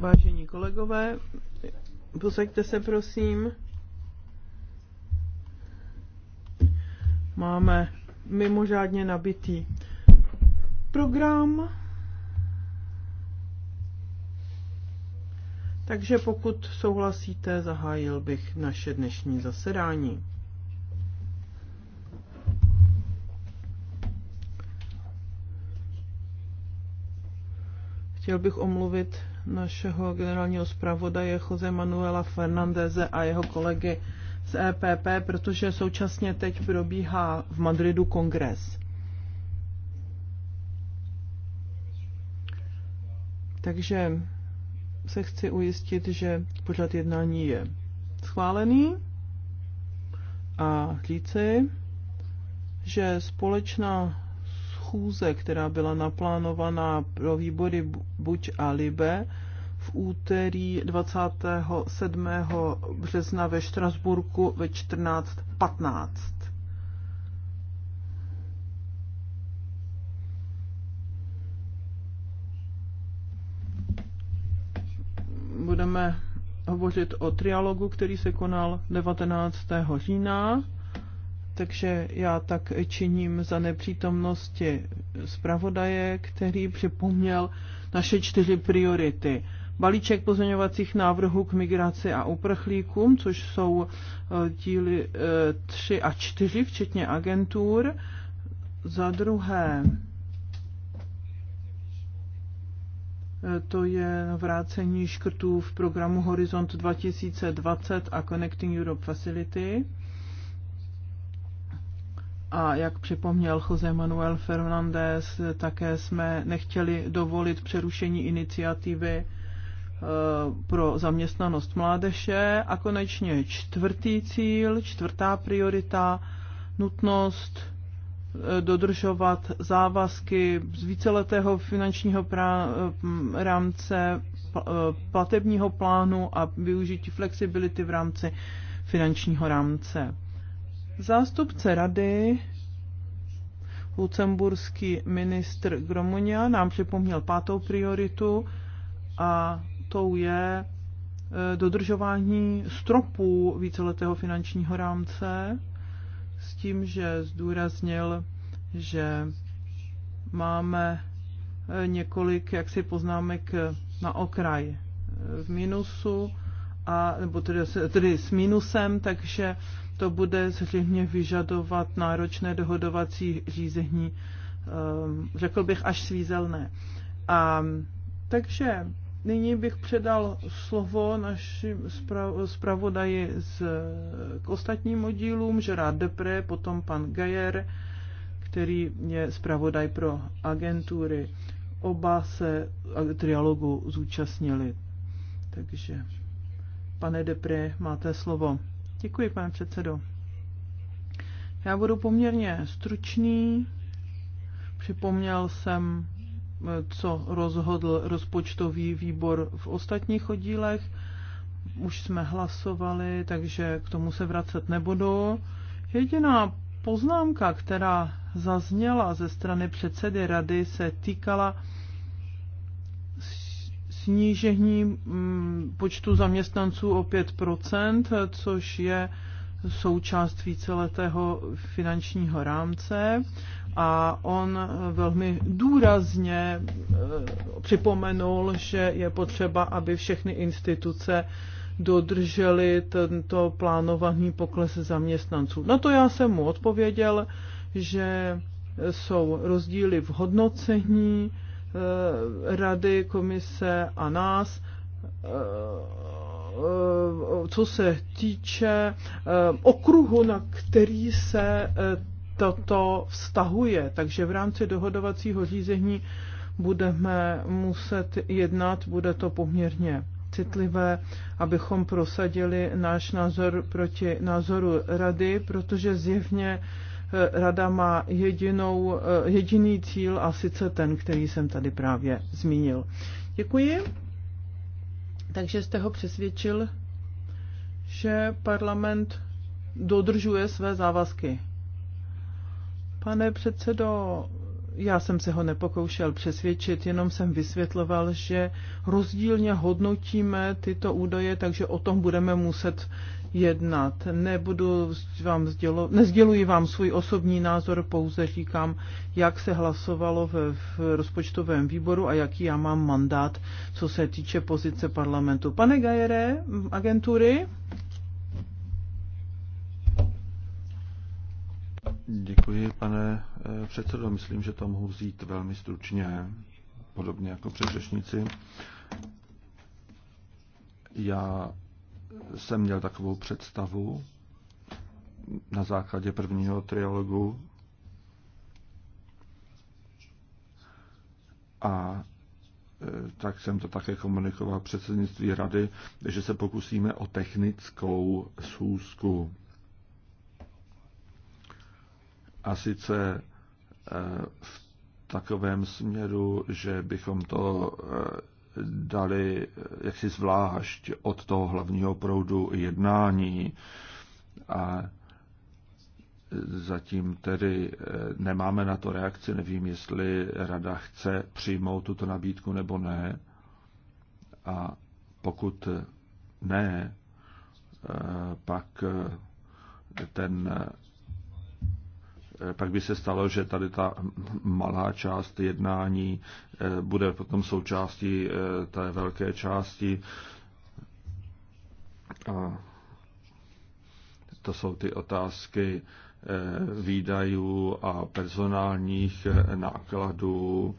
Vážení kolegové, posaďte se prosím. Máme mimořádně nabitý program. Takže pokud souhlasíte, zahájil bych naše dnešní zasedání. Chtěl bych omluvit našeho generálního zpravodaje Jose Manuela Fernandeze a jeho kolegy z EPP, protože současně teď probíhá v Madridu kongres. Takže se chci ujistit, že pořad jednání je schválený a říci, že společná schůze, která byla naplánovaná pro výbory Buď a Libe v úterý 27. března ve Štrasburku ve 14.15. Budeme hovořit o trialogu, který se konal 19. října takže já tak činím za nepřítomnosti zpravodaje, který připomněl naše čtyři priority. Balíček pozměňovacích návrhů k migraci a uprchlíkům, což jsou eh, díly 3 eh, a 4, včetně agentur. Za druhé, eh, to je vrácení škrtů v programu Horizont 2020 a Connecting Europe Facility. A jak připomněl Jose Manuel Fernández, také jsme nechtěli dovolit přerušení iniciativy eh, pro zaměstnanost mládeže. A konečně čtvrtý cíl, čtvrtá priorita, nutnost eh, dodržovat závazky z víceletého finančního eh, rámce platebního plánu a využití flexibility v rámci finančního rámce. Zástupce rady, lucemburský ministr Gromunia, nám připomněl pátou prioritu a tou je e, dodržování stropů víceletého finančního rámce s tím, že zdůraznil, že máme e, několik jaksi poznámek na okraj e, v minusu, a, nebo tedy, tedy s minusem, takže to bude zřejmě vyžadovat náročné dohodovací řízení, ehm, řekl bych až svízelné. A, ehm, takže nyní bych předal slovo našim zpravodaji z, k ostatním oddílům, Gerard Depré, potom pan Gajer, který je zpravodaj pro agentury. Oba se trialogu zúčastnili. Takže, pane Depré, máte slovo. Děkuji, pane předsedo. Já budu poměrně stručný. Připomněl jsem, eh, co rozhodl rozpočtový výbor v ostatních oddílech. Už jsme hlasovali, takže k tomu se vracet nebudu. Jediná poznámka, která zazněla ze strany předsedy rady, se týkala snížení mm, počtu zaměstnanců o 5 což je součást víceletého finančního rámce a on velmi důrazně eh, připomenul, že je potřeba, aby všechny instituce dodržely tento plánovaný pokles zaměstnanců. Na to já jsem mu odpověděl, že jsou rozdíly v hodnocení Eh, rady, komise a nás eh, co se týče eh, okruhu, na který se toto vztahuje. Takže v rámci dohodovacího řízení budeme muset jednat, bude to poměrně citlivé, abychom prosadili náš názor proti názoru rady, protože zjevně rada má jedinou, eh, jediný cíl a sice ten, který jsem tady právě zmínil. Děkuji. Takže jste ho přesvědčil, že parlament dodržuje své závazky. Pane předsedo, já jsem se ho nepokoušel přesvědčit, jenom jsem vysvětloval, že rozdílně hodnotíme tyto údaje, takže o tom budeme muset jednat. Nebudu vám sdělo, nezděluji vám svůj osobní názor, pouze říkám, jak se hlasovalo v, v rozpočtovém výboru a jaký já mám mandát, co se týče pozice parlamentu. Pane Gajere, agentury? Děkuji, pane eh, předsedo. Myslím, že to mohu vzít velmi stručně, podobně jako předřečníci. Já jsem měl takovou představu na základě prvního trialogu. A e, tak jsem to také komunikoval předsednictví rady, že se pokusíme o technickou schůzku. A sice e, v takovém směru, že bychom to e, dali eh, jaksi zvlášť od toho hlavního proudu jednání a eh, zatím tedy eh, nemáme na to reakci, nevím, jestli rada chce přijmout tuto nabídku nebo ne a pokud ne, pak ten Eh, pak by se stalo, že tady ta malá část jednání eh, bude potom součástí eh, té velké části. A to jsou ty otázky výdajů a personálních nákladů,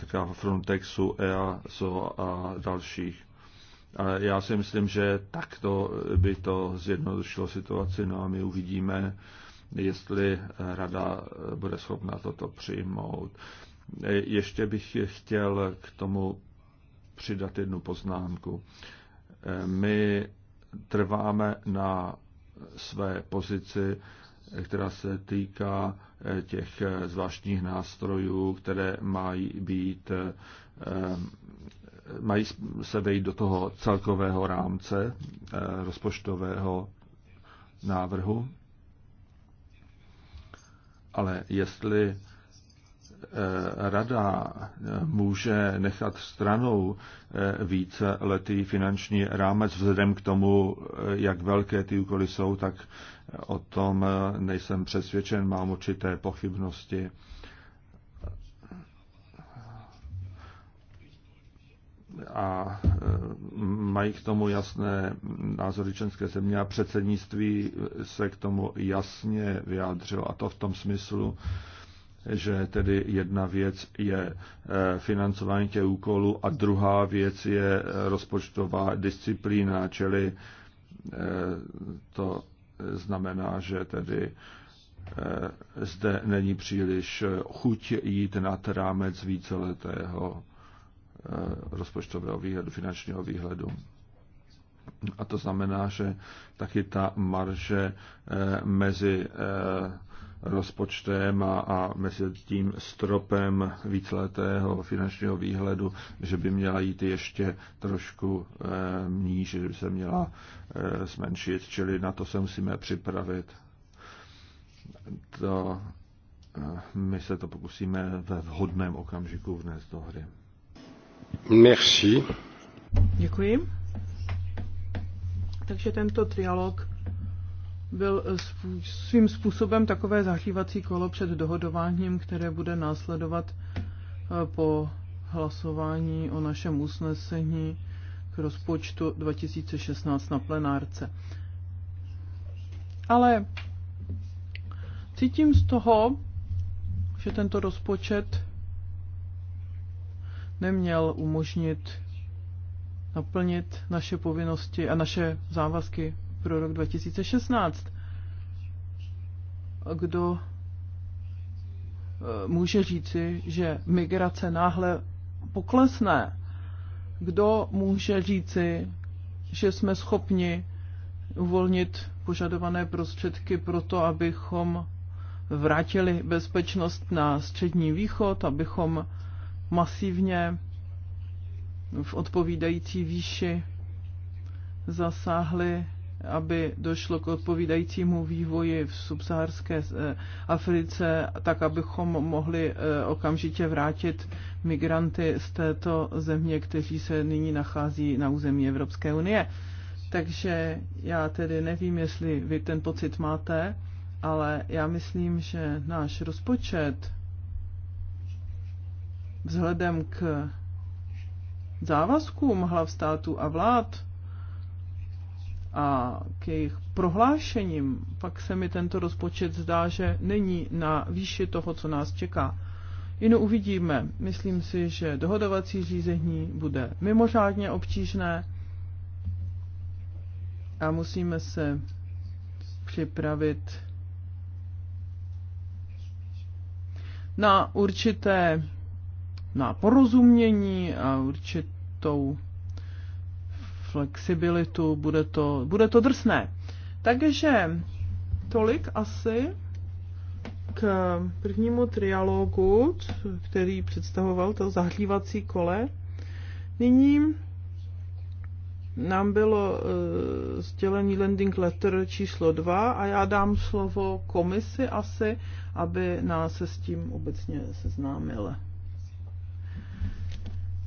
týká Frontexu, EASO a dalších. já si myslím, že takto by to zjednodušilo situaci, no a my uvidíme, jestli eh, rada eh, bude schopna toto přijmout. Eh, ještě bych chtěl k tomu přidat jednu poznámku. My trváme na své pozici, která se týká těch zvláštních nástrojů, které mají být mají se vejít do toho celkového rámce rozpočtového návrhu. Ale jestli eh, rada eh, může nechat stranou eh, více letý finanční rámec vzhledem k tomu, jak velké ty úkoly jsou, tak o tom nejsem přesvědčen, mám určité pochybnosti. a e, mají k tomu jasné názory členské země a předsednictví se k tomu jasně vyjádřilo a to v tom smyslu, že tedy jedna věc je e, financování těch úkolů a druhá věc je rozpočtová disciplína, čili e, to znamená, že tedy zde není příliš chuť jít nad rámec víceletého Eh, rozpočtového výhledu, finančního výhledu. A to znamená, že taky ta marže eh, mezi eh, rozpočtem a, a mezi tím stropem víceletého finančního výhledu, že by měla jít ještě trošku e, níž, že by se měla e, zmenšit, čili na to se musíme připravit. To, e, my se to pokusíme ve vhodném okamžiku vnést do hry. Merci. Děkuji. Takže tento trialog byl eh, svým způsobem takové zahřívací kolo před dohodováním, které bude následovat eh, po hlasování o našem usnesení k rozpočtu 2016 na plenárce. Ale cítím z toho, že tento rozpočet neměl umožnit naplnit naše povinnosti a naše závazky pro rok 2016. Kdo e, může říci, že migrace náhle poklesne? Kdo může říci, že jsme schopni uvolnit požadované prostředky pro to, abychom vrátili bezpečnost na střední východ, abychom masivně v odpovídající výši zasáhly, aby došlo k odpovídajícímu vývoji v subsaharské eh, Africe, tak abychom mohli eh, okamžitě vrátit migranty z této země, kteří se nyní nachází na území Evropské unie. Takže já tedy nevím, jestli vy ten pocit máte, ale já myslím, že náš rozpočet vzhledem k závazkům hlav států a vlád a k jejich prohlášením, pak se mi tento rozpočet zdá, že není na výši toho, co nás čeká. Jinou uvidíme. Myslím si, že dohodovací řízení bude mimořádně obtížné a musíme se připravit na určité na porozumění a určitou flexibilitu, bude to, bude to drsné. Takže tolik asi k prvnímu trialogu, který představoval to zahřívací kole. Nyní nám bylo uh, e, sdělený landing letter číslo 2 a já dám slovo komisi asi, aby nás se s tím obecně seznámila.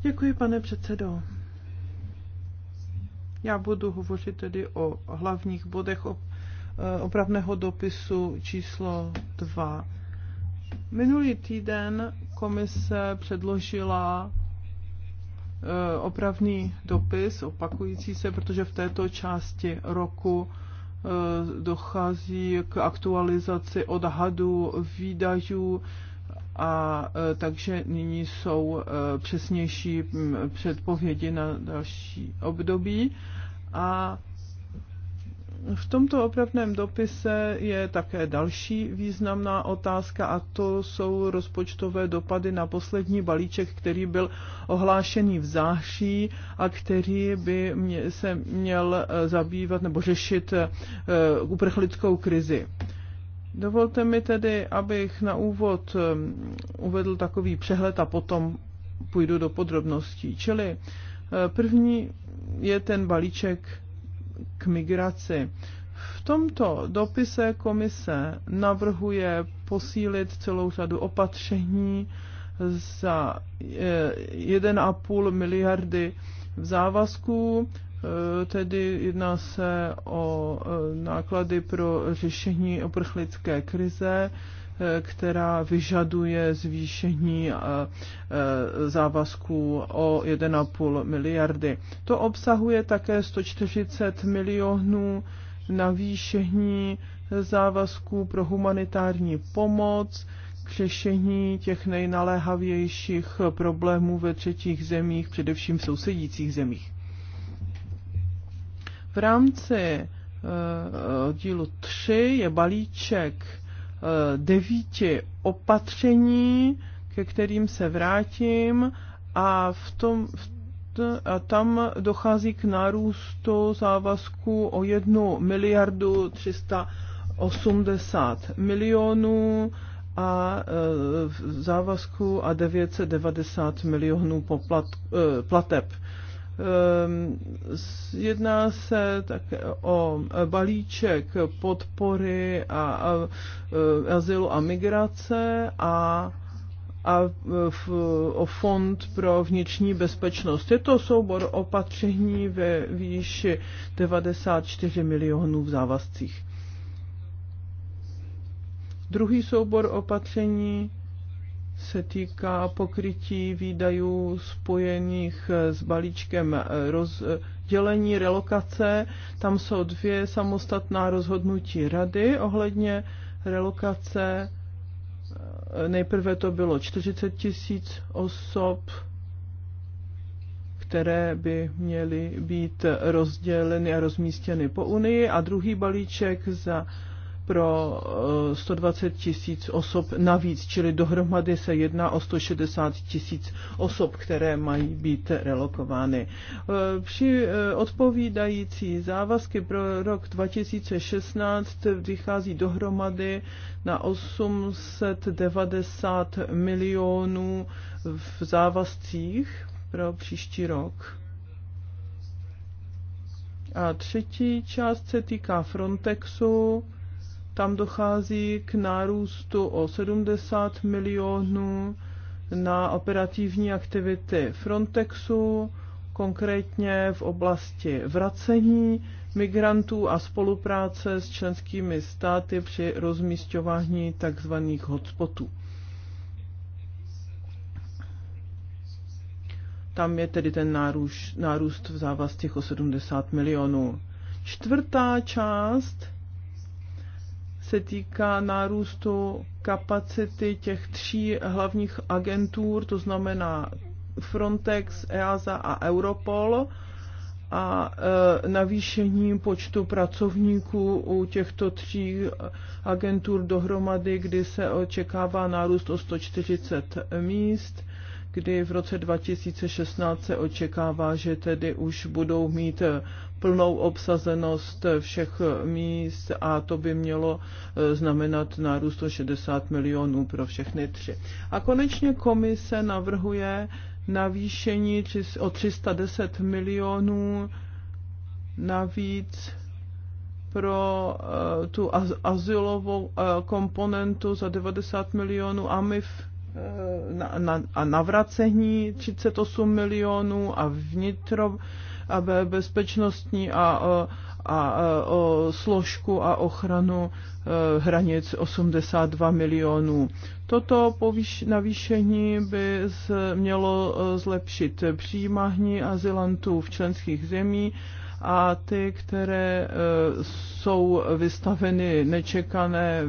Děkuji, pane předsedo. Já budu hovořit tedy o hlavních bodech eh, opravného dopisu číslo 2. Minulý týden komise předložila eh, opravný dopis opakující se, protože v této části roku eh, dochází k aktualizaci odhadů výdajů a e, takže nyní jsou e, přesnější předpovědi na další období a v tomto opravném dopise je také další významná otázka a to jsou rozpočtové dopady na poslední balíček, který byl ohlášený v záší a který by se měl e, zabývat nebo řešit uprchlickou krizi. Dovolte mi tedy, abych na úvod um, uvedl takový přehled a potom půjdu do podrobností. Čili uh, první je ten balíček k migraci. V tomto dopise komise navrhuje posílit celou řadu opatření za 1,5 eh, miliardy v závazku Eh, tedy jedná se o eh, náklady pro řešení oprchlické krize, eh, která vyžaduje zvýšení závazků o 1,5 miliardy. To obsahuje také 140 milionů navýšení závazků pro humanitární pomoc, k řešení těch nejnaléhavějších problémů ve třetích zemích, především v sousedících zemích. V rámci eh, dílu 3 je balíček eh, devíti opatření, ke kterým se vrátím a v tom, v t, a tam dochází k nárůstu závazku o 1 miliardu 380 milionů a e, závazku a 990 milionů poplat, plateb. E, Ehm, jedná se také o balíček podpory a, a, e, azylu a migrace a a v, e, o Fond pro vnitřní bezpečnost. Je to soubor opatření ve výši 94 milionů v závazcích. Druhý soubor opatření se týká pokrytí výdajů spojených s balíčkem rozdělení, relokace. Tam jsou dvě samostatná rozhodnutí rady ohledně relokace. Nejprve to bylo 40 tisíc osob, které by měly být rozděleny a rozmístěny po Unii a druhý balíček za pro 120 eh, tisíc osob navíc, čili dohromady se jedná o 160 tisíc osob, které mají být relokovány. Eh, při eh, odpovídající závazky pro rok 2016 vychází dohromady na 890 milionů v závazcích pro příští rok. A třetí část se týká Frontexu tam dochází k nárůstu o 70 milionů na operativní aktivity Frontexu, konkrétně v oblasti vracení migrantů a spolupráce s členskými státy při rozmístování tzv. hotspotů. Tam je tedy ten nárůst, nárůst v těch o 70 milionů. Čtvrtá část se týká nárůstu kapacity těch tří hlavních agentur, to znamená Frontex, EASA a Europol a e, navýšení počtu pracovníků u těchto tří agentur dohromady, kdy se očekává nárůst o 140 míst kdy v roce 2016 se očekává, že tedy už budou mít plnou obsazenost všech míst a to by mělo eh, znamenat nárůst o 60 milionů pro všechny tři. A konečně komise navrhuje navýšení o 310 milionů navíc pro eh, tu azylovou eh, komponentu za 90 milionů a Eh, na, na, a navracení 38 milionů a vnitro a bezpečnostní a, a, a e, a složku a ochranu eh, hranic 82 milionů. Toto povýš, navýšení by z, mělo e, zlepšit přijímání azylantů v členských zemí a ty, které e, jsou vystaveny nečekané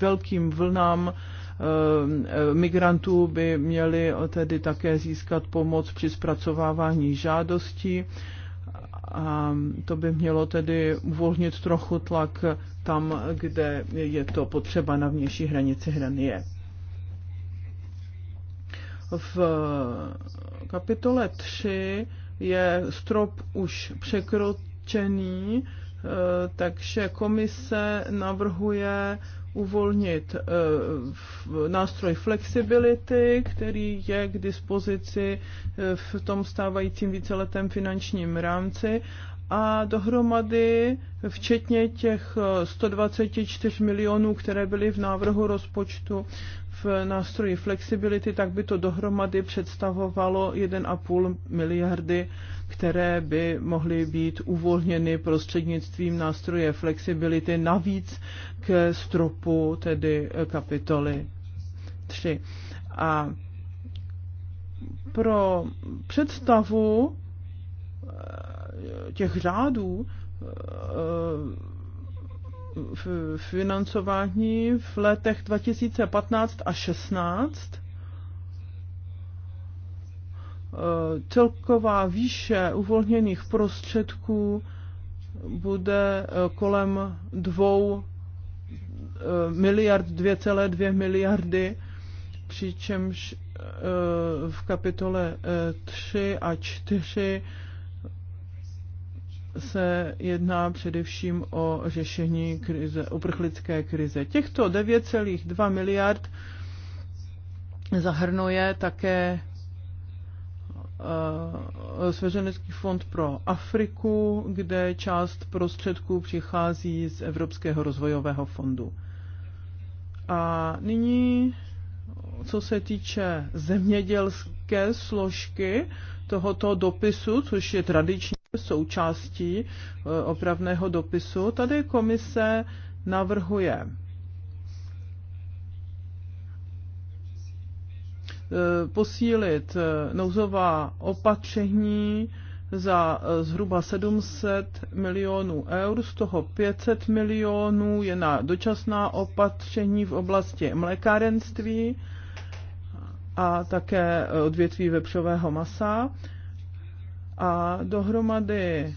velkým vlnám Ehm, migrantů by měli tedy také získat pomoc při zpracovávání žádostí a to by mělo tedy uvolnit trochu tlak tam, kde je to potřeba na vnější hranici hranie. V kapitole 3 je strop už překročený, eh, takže komise navrhuje uvolnit eh, nástroj flexibility, který je k dispozici eh, v tom stávajícím víceletém finančním rámci a dohromady včetně těch 124 eh, milionů, které byly v návrhu rozpočtu v nástroji flexibility, tak by to dohromady představovalo 1,5 miliardy, které by mohly být uvolněny prostřednictvím nástroje flexibility navíc k stropu, tedy eh, kapitoly 3. A pro představu těch řádů v eh, financování v letech 2015 a 16 eh, celková výše uvolněných prostředků bude eh, kolem 2 miliard, 2,2 miliardy, přičemž v kapitole 3 a 4 se jedná především o řešení krize, uprchlické krize. Těchto 9,2 miliard zahrnuje také eh, Svěřenecký fond pro Afriku, kde část prostředků přichází z Evropského rozvojového fondu. A nyní, co se týče zemědělské složky tohoto dopisu, což je tradiční součástí eh, opravného dopisu. Tady komise navrhuje eh, posílit eh, nouzová opatření za zhruba 700 milionů eur, z toho 500 milionů je na dočasná opatření v oblasti mlékárenství a také odvětví vepřového masa a dohromady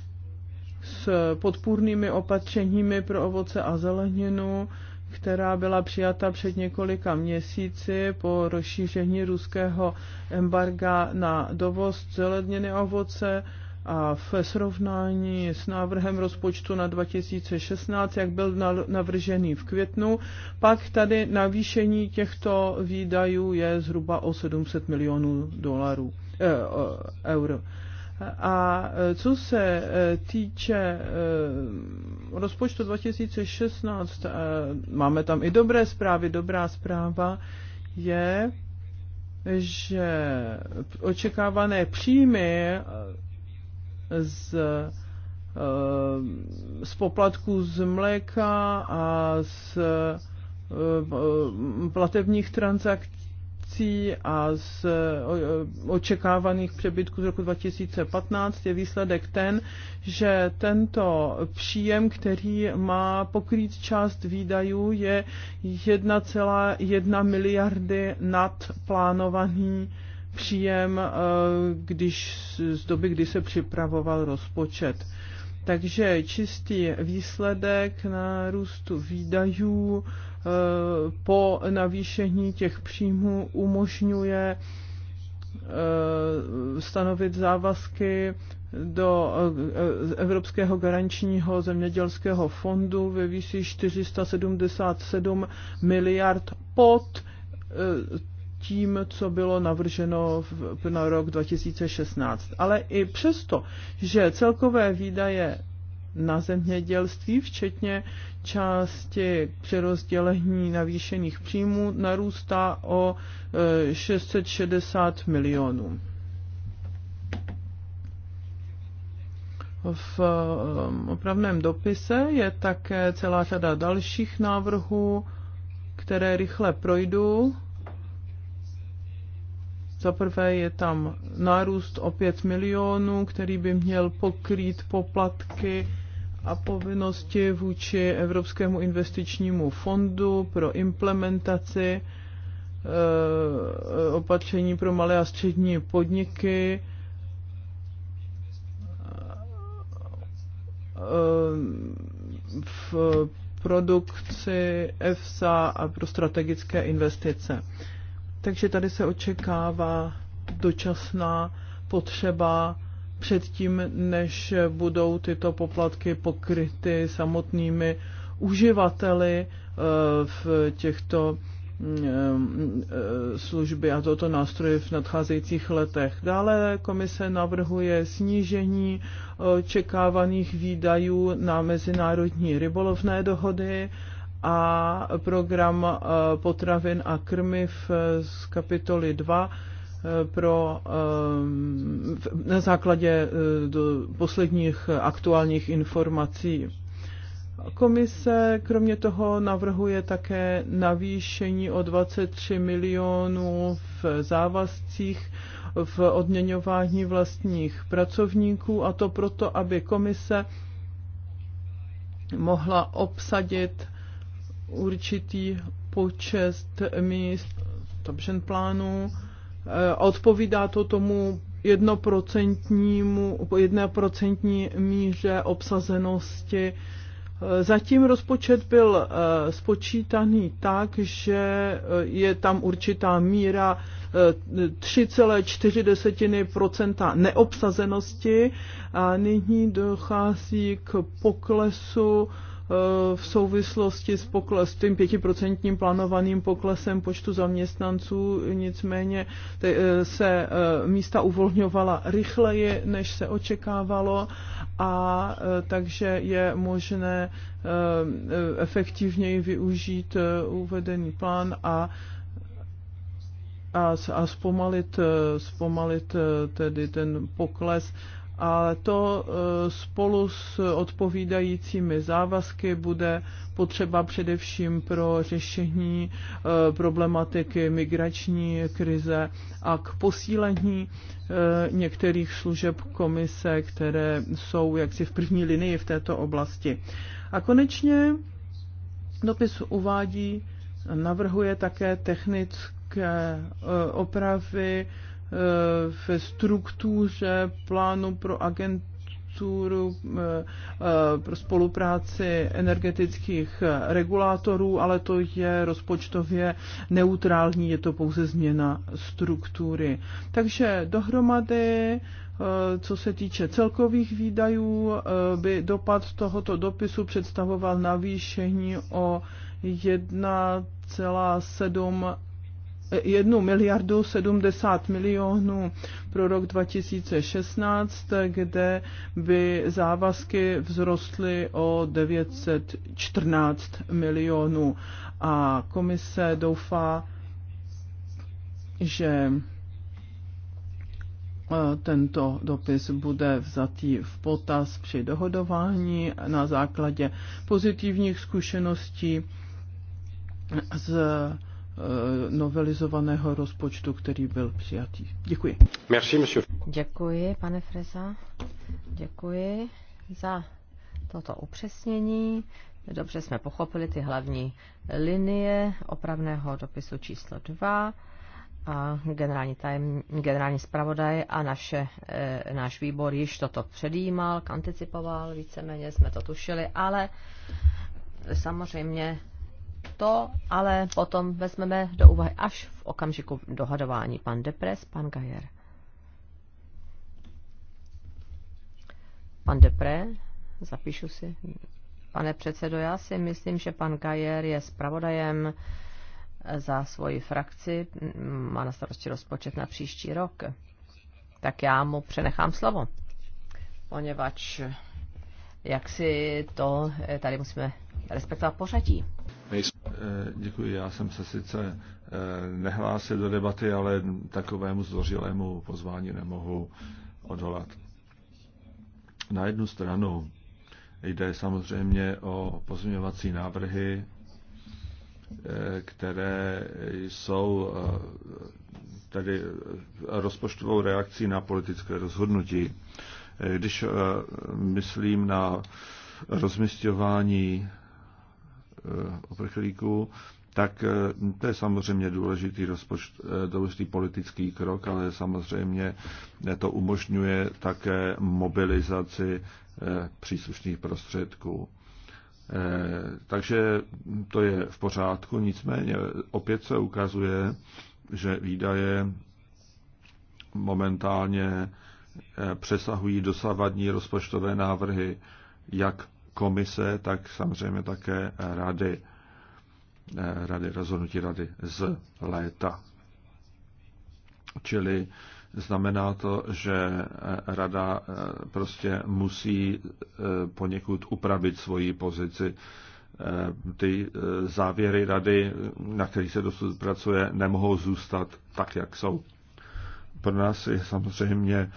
s podpůrnými opatřeními pro ovoce a zeleninu, která byla přijata před několika měsíci po rozšíření ruského embarga na dovoz zeleniny a ovoce, a v srovnání s návrhem rozpočtu na 2016, jak byl navržený v květnu, pak tady navýšení těchto výdajů je zhruba o 700 milionů dolarů, eh, euro. A e, co se e, týče e, rozpočtu 2016, máme tam i dobré zprávy. Dobrá zpráva je, že očekávané příjmy z z poplatků z mléka a z platebních transakcí financí a z očekávaných přebytků z roku 2015 je výsledek ten, že tento příjem, který má pokrýt část výdajů, je 1,1 miliardy nad plánovaný příjem, e, když z doby, kdy se připravoval rozpočet. Takže čistý výsledek na růstu výdajů Eh, po navýšení těch příjmů umožňuje eh, stanovit závazky do eh, Evropského garančního zemědělského fondu ve výši 477 miliard pod tím, co bylo navrženo na rok 2016. Ale i přesto, že celkové výdaje na zemědělství, včetně části přerozdělení navýšených příjmů, narůstá o 660 e, milionů. V e, opravném dopise je také celá řada dalších návrhů, které rychle projdu. Za prvé je tam nárůst o 5 milionů, který by měl pokrýt poplatky a povinnosti vůči Evropskému investičnímu fondu pro implementaci eh, opatření pro malé a střední podniky, eh, v produkci EFSA a pro strategické investice. Takže tady se očekává dočasná potřeba předtím, než budou tyto poplatky pokryty samotnými uživateli eh, v těchto mm, eh, služby a toto nástroje v nadcházejících letech. Dále komise navrhuje snížení eh, očekávaných výdajů na mezinárodní rybolovné dohody a program potravin a krmiv z kapitoly 2 pro, eh, na základě eh, do posledních aktuálních informací. Komise kromě toho navrhuje také navýšení o 23 milionů v závazcích v odměňování vlastních pracovníků a to proto, aby komise mohla obsadit určitý počet míst v plánu Eh, odpovídá to tomu jednoprocentnímu, jednoprocentní míře obsazenosti. Eh, zatím rozpočet byl eh, spočítaný tak, že je tam určitá míra 3,4 neobsazenosti a nyní dochází k poklesu E, v souvislosti s, pokles, s tím pětiprocentním plánovaným poklesem počtu zaměstnanců, nicméně e, se e, místa uvolňovala rychleji, než se očekávalo a takže je možné efektivněji využít uvedený plán a a, a zpomalit, zpomalit tedy ten pokles a to e, spolu s odpovídajícími závazky bude potřeba především pro řešení e, problematiky migrační krize a k posílení e, některých služeb komise, které jsou jaksi v první linii v této oblasti. A konečně dopis uvádí, navrhuje také technické opravy ve struktuře plánu pro agenturu eh, eh, pro spolupráci energetických regulátorů, ale to je rozpočtově neutrální, je to pouze změna struktury. Takže dohromady eh, co se týče celkových výdajů, by dopad tohoto dopisu představoval navýšení o 1,7 1 miliardu 70 milionů pro rok 2016, kde by závazky vzrostly o 914 milionů. A komise doufá, že eh, tento dopis bude vzatý v potaz při dohodování na základě pozitivních zkušeností z Eh, novelizovaného rozpočtu, který byl přijatý. Děkuji. Merci, monsieur. Děkuji, pane Freza. Děkuji za toto upřesnění. Dobře jsme pochopili ty hlavní linie opravného dopisu číslo 2 a generální, tajem, generální zpravodaj a naše, e, náš výbor již toto předjímal, anticipoval, víceméně jsme to tušili, ale samozřejmě to ale potom vezmeme do úvahy až v okamžiku dohadování. Pan Depres, pan Gajer. Pan Depre, zapíšu si. Pane předsedo, já si myslím, že pan Gajer je zpravodajem za svoji frakci, má na starosti rozpočet na příští rok. Tak já mu přenechám slovo, poněvadž jak si to eh, tady musíme respektovat pořadí. Eh, děkuji, já jsem se sice eh, nehlásil do debaty, ale takovému zdvořilému pozvání nemohu odolat. Na jednu stranu jde samozřejmě o pozměňovací návrhy, eh, které jsou tedy rozpočtovou reakcí na politické rozhodnutí. Když myslím na rozmistování Eh, uprchlíků, tak eh, to je samozřejmě důležitý, rozpočt, eh, důležitý politický krok, ale samozřejmě to umožňuje také mobilizaci příslušných prostředků. Takže to je v pořádku, nicméně opět se ukazuje, že výdaje momentálně přesahují dosavadní rozpočtové návrhy jak komise, tak samozřejmě také rady, eh, rady rozhodnutí rady z léta. Čili znamená to, že eh, rada eh, prostě musí poněkud upravit svoji pozici. Ty závěry rady, na kterých se dosud pracuje, nemohou zůstat tak, jak jsou. Pro nás je samozřejmě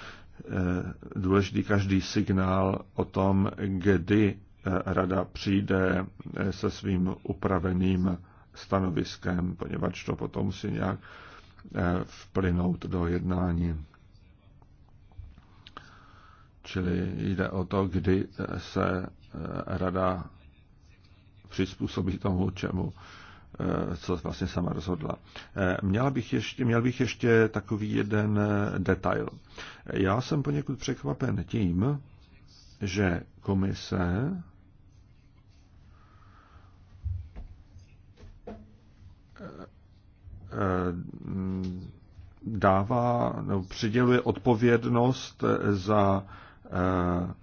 důležitý každý signál o tom, kdy rada přijde eh, se svým upraveným stanoviskem, poněvadž to potom si nějak eh, vplynout do jednání. Čili jde o to, kdy eh, se rada přizpůsobí tomu, čemu co vlastně sama rozhodla. Měla bych ještě, měl bych ještě takový jeden detail. Já jsem poněkud překvapen tím, že komise Eh, dává, no, přiděluje odpovědnost za eh,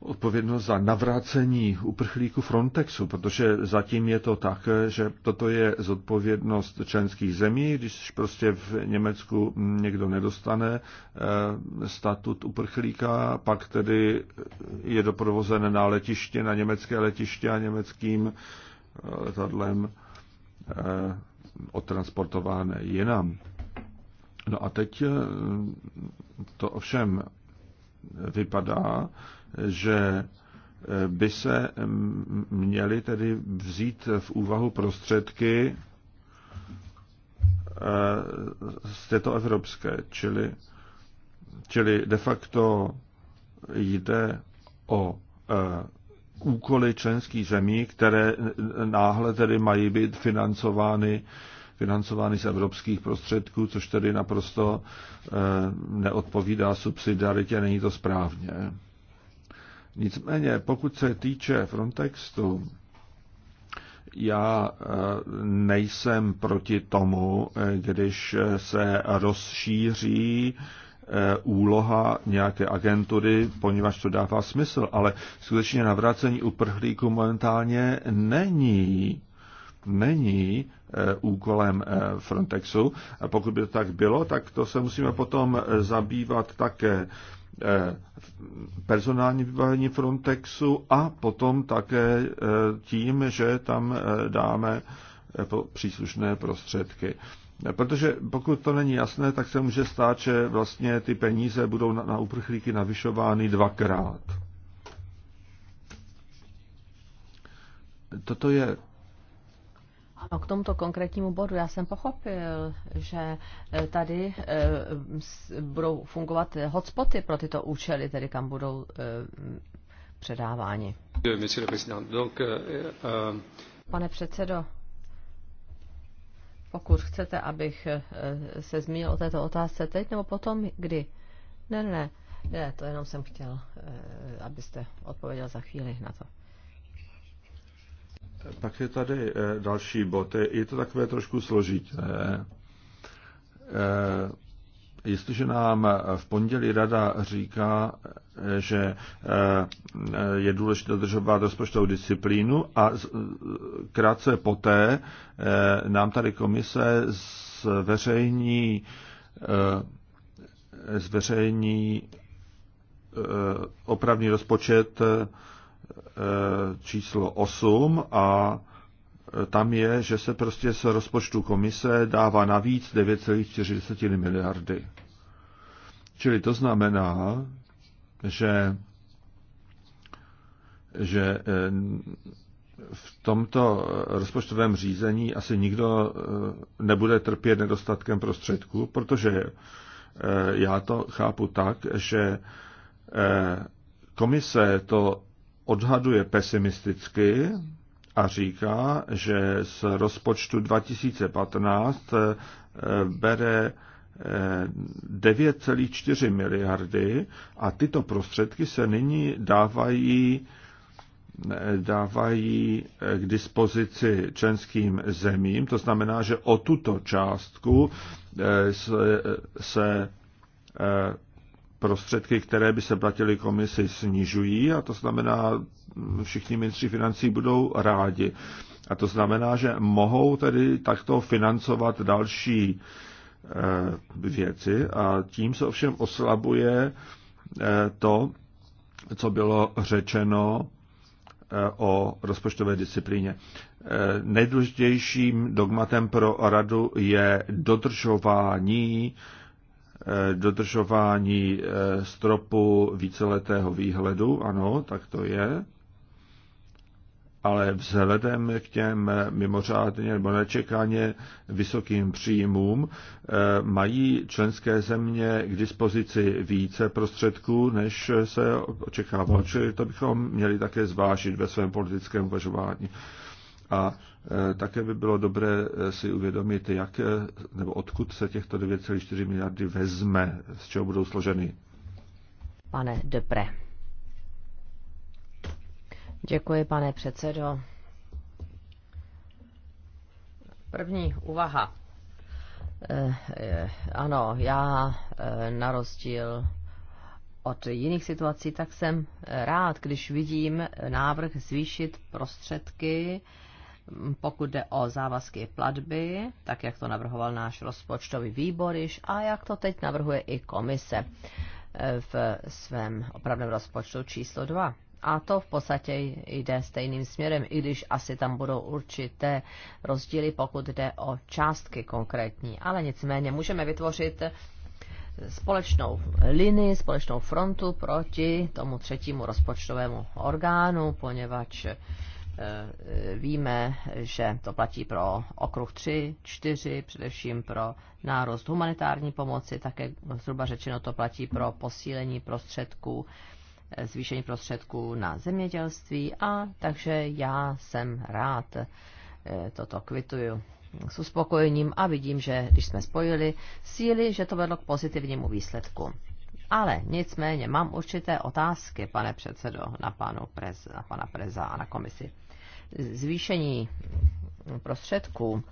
odpovědnost za navrácení uprchlíků Frontexu, protože zatím je to tak, že toto je zodpovědnost členských zemí, když prostě v Německu někdo nedostane eh, statut uprchlíka, pak tedy je doprovozen na letiště, na německé letiště a německým letadlem otransportován jinam. No a teď eh, to ovšem vypadá, že eh, by se mm, měly tedy vzít v úvahu prostředky eh, z této evropské, čili, čili de facto jde o úkoly členských zemí, které eh, náhle tedy mají být financovány, financovány z evropských prostředků, což tedy naprosto eh, neodpovídá subsidiaritě, není to správně. Nicméně, pokud se týče Frontextu, já eh, nejsem proti tomu, když se rozšíří Eh, úloha nějaké agentury, poněvadž to dává smysl, ale skutečně navracení uprchlíků momentálně není není eh, úkolem eh, Frontexu. A pokud by to tak bylo, tak to se musíme potom zabývat také personální vybavení Frontexu a potom také tím, že tam dáme příslušné prostředky. Protože pokud to není jasné, tak se může stát, že vlastně ty peníze budou na, na uprchlíky navyšovány dvakrát. Toto je ano, k tomuto konkrétnímu bodu já jsem pochopil, že eh, tady eh, budou fungovat hotspoty pro tyto účely, tedy kam budou eh, předáváni. Pane předsedo, pokud chcete, abych eh, se zmínil o této otázce teď nebo potom, kdy? Ne, ne, ne, to jenom jsem chtěl, eh, abyste odpověděl za chvíli na to. Pak je tady eh, další bod. Je to takové trošku složité. Jestliže nám v pondělí rada říká, že eh, je důležité dodržovat rozpočtovou disciplínu a krátce poté eh, nám tady komise zveřejní, eh, zveřejní opravný rozpočet číslo 8 a tam je, že se prostě z rozpočtu komise dává navíc 9,4 miliardy. Čili to znamená, že, že eh, v tomto rozpočtovém řízení asi nikdo eh, nebude trpět nedostatkem prostředků, protože eh, já to chápu tak, že komise to odhaduje pesimisticky, a říká, že z rozpočtu 2015 eh, bere 9,4 eh, miliardy a tyto prostředky se nyní dávají eh, dávají k dispozici členským zemím. To znamená, že o tuto částku se, se prostředky, které by se platily komisi, snižují a to znamená všichni ministři financí budou rádi. A to znamená, že mohou tedy takto financovat další eh, věci a tím se ovšem oslabuje eh, to, co bylo řečeno eh, o rozpočtové disciplíně. Nejdůležitějším dogmatem pro radu je dodržování dodržování stropu víceletého výhledu, ano, tak to je ale vzhledem k těm mimořádně nebo nečekaně vysokým příjmům eh, mají členské země k dispozici více prostředků, než se očekávalo. Čili to bychom měli také zvážit ve svém politickém uvažování. A eh, také by bylo dobré eh, si uvědomit, jak, nebo odkud se těchto 9,4 miliardy vezme, z čeho budou složeny. Pane Depre. Děkuji, pane předsedo. První úvaha. Eh, eh, ano, já eh, na rozdíl od jiných situací, tak jsem rád, když vidím návrh zvýšit prostředky, pokud jde o závazky platby, tak jak to navrhoval náš rozpočtový výbor již a jak to teď navrhuje i komise v svém opravném rozpočtu číslo 2. A to v podstatě jde stejným směrem, i když asi tam budou určité rozdíly, pokud jde o částky konkrétní. Ale nicméně můžeme vytvořit společnou linii, společnou frontu proti tomu třetímu rozpočtovému orgánu, poněvadž e, víme, že to platí pro okruh 3, 4, především pro nárost humanitární pomoci, také zhruba řečeno to platí pro posílení prostředků zvýšení prostředků na zemědělství a takže já jsem rád, eh, toto kvituju s uspokojením a vidím, že když jsme spojili síly, že to vedlo k pozitivnímu výsledku. Ale nicméně mám určité otázky, pane předsedo, na, panu Prez, na pana Preza a na komisi. Zvýšení prostředků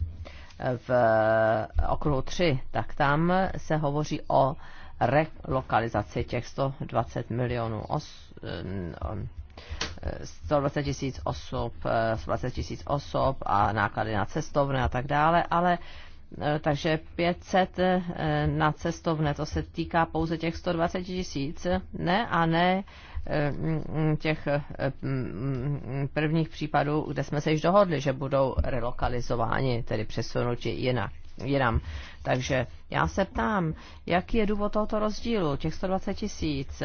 eh, v eh, okruhu 3, tak tam se hovoří o relokalizaci těch 120 milionů os, 120 eh, tisíc osob, 120 eh, tisíc osob a náklady na cestovné a tak dále, ale eh, takže 500 na cestovné, to se týká pouze těch 120 tisíc, ne a ne mm, mm, těch mm, prvních případů, kde jsme se již dohodli, že budou relokalizováni, tedy přesunuti jinak jinam. Takže já se ptám, jaký je důvod tohoto rozdílu, těch 120 tisíc,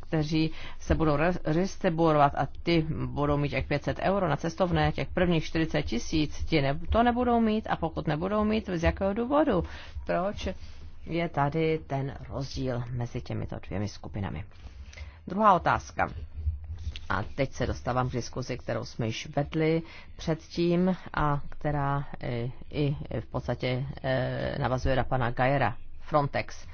kteří se budou redistribuovat a ty budou mít jak 500 euro na cestovné, těch prvních 40 tisíc, ti ne, to nebudou mít a pokud nebudou mít, z jakého důvodu? Proč je tady ten rozdíl mezi těmito dvěmi skupinami? Druhá otázka. A teď se dostávám k diskuzi, kterou jsme již vedli předtím a která e, i v podstatě e, navazuje na pana Gajera. Frontex.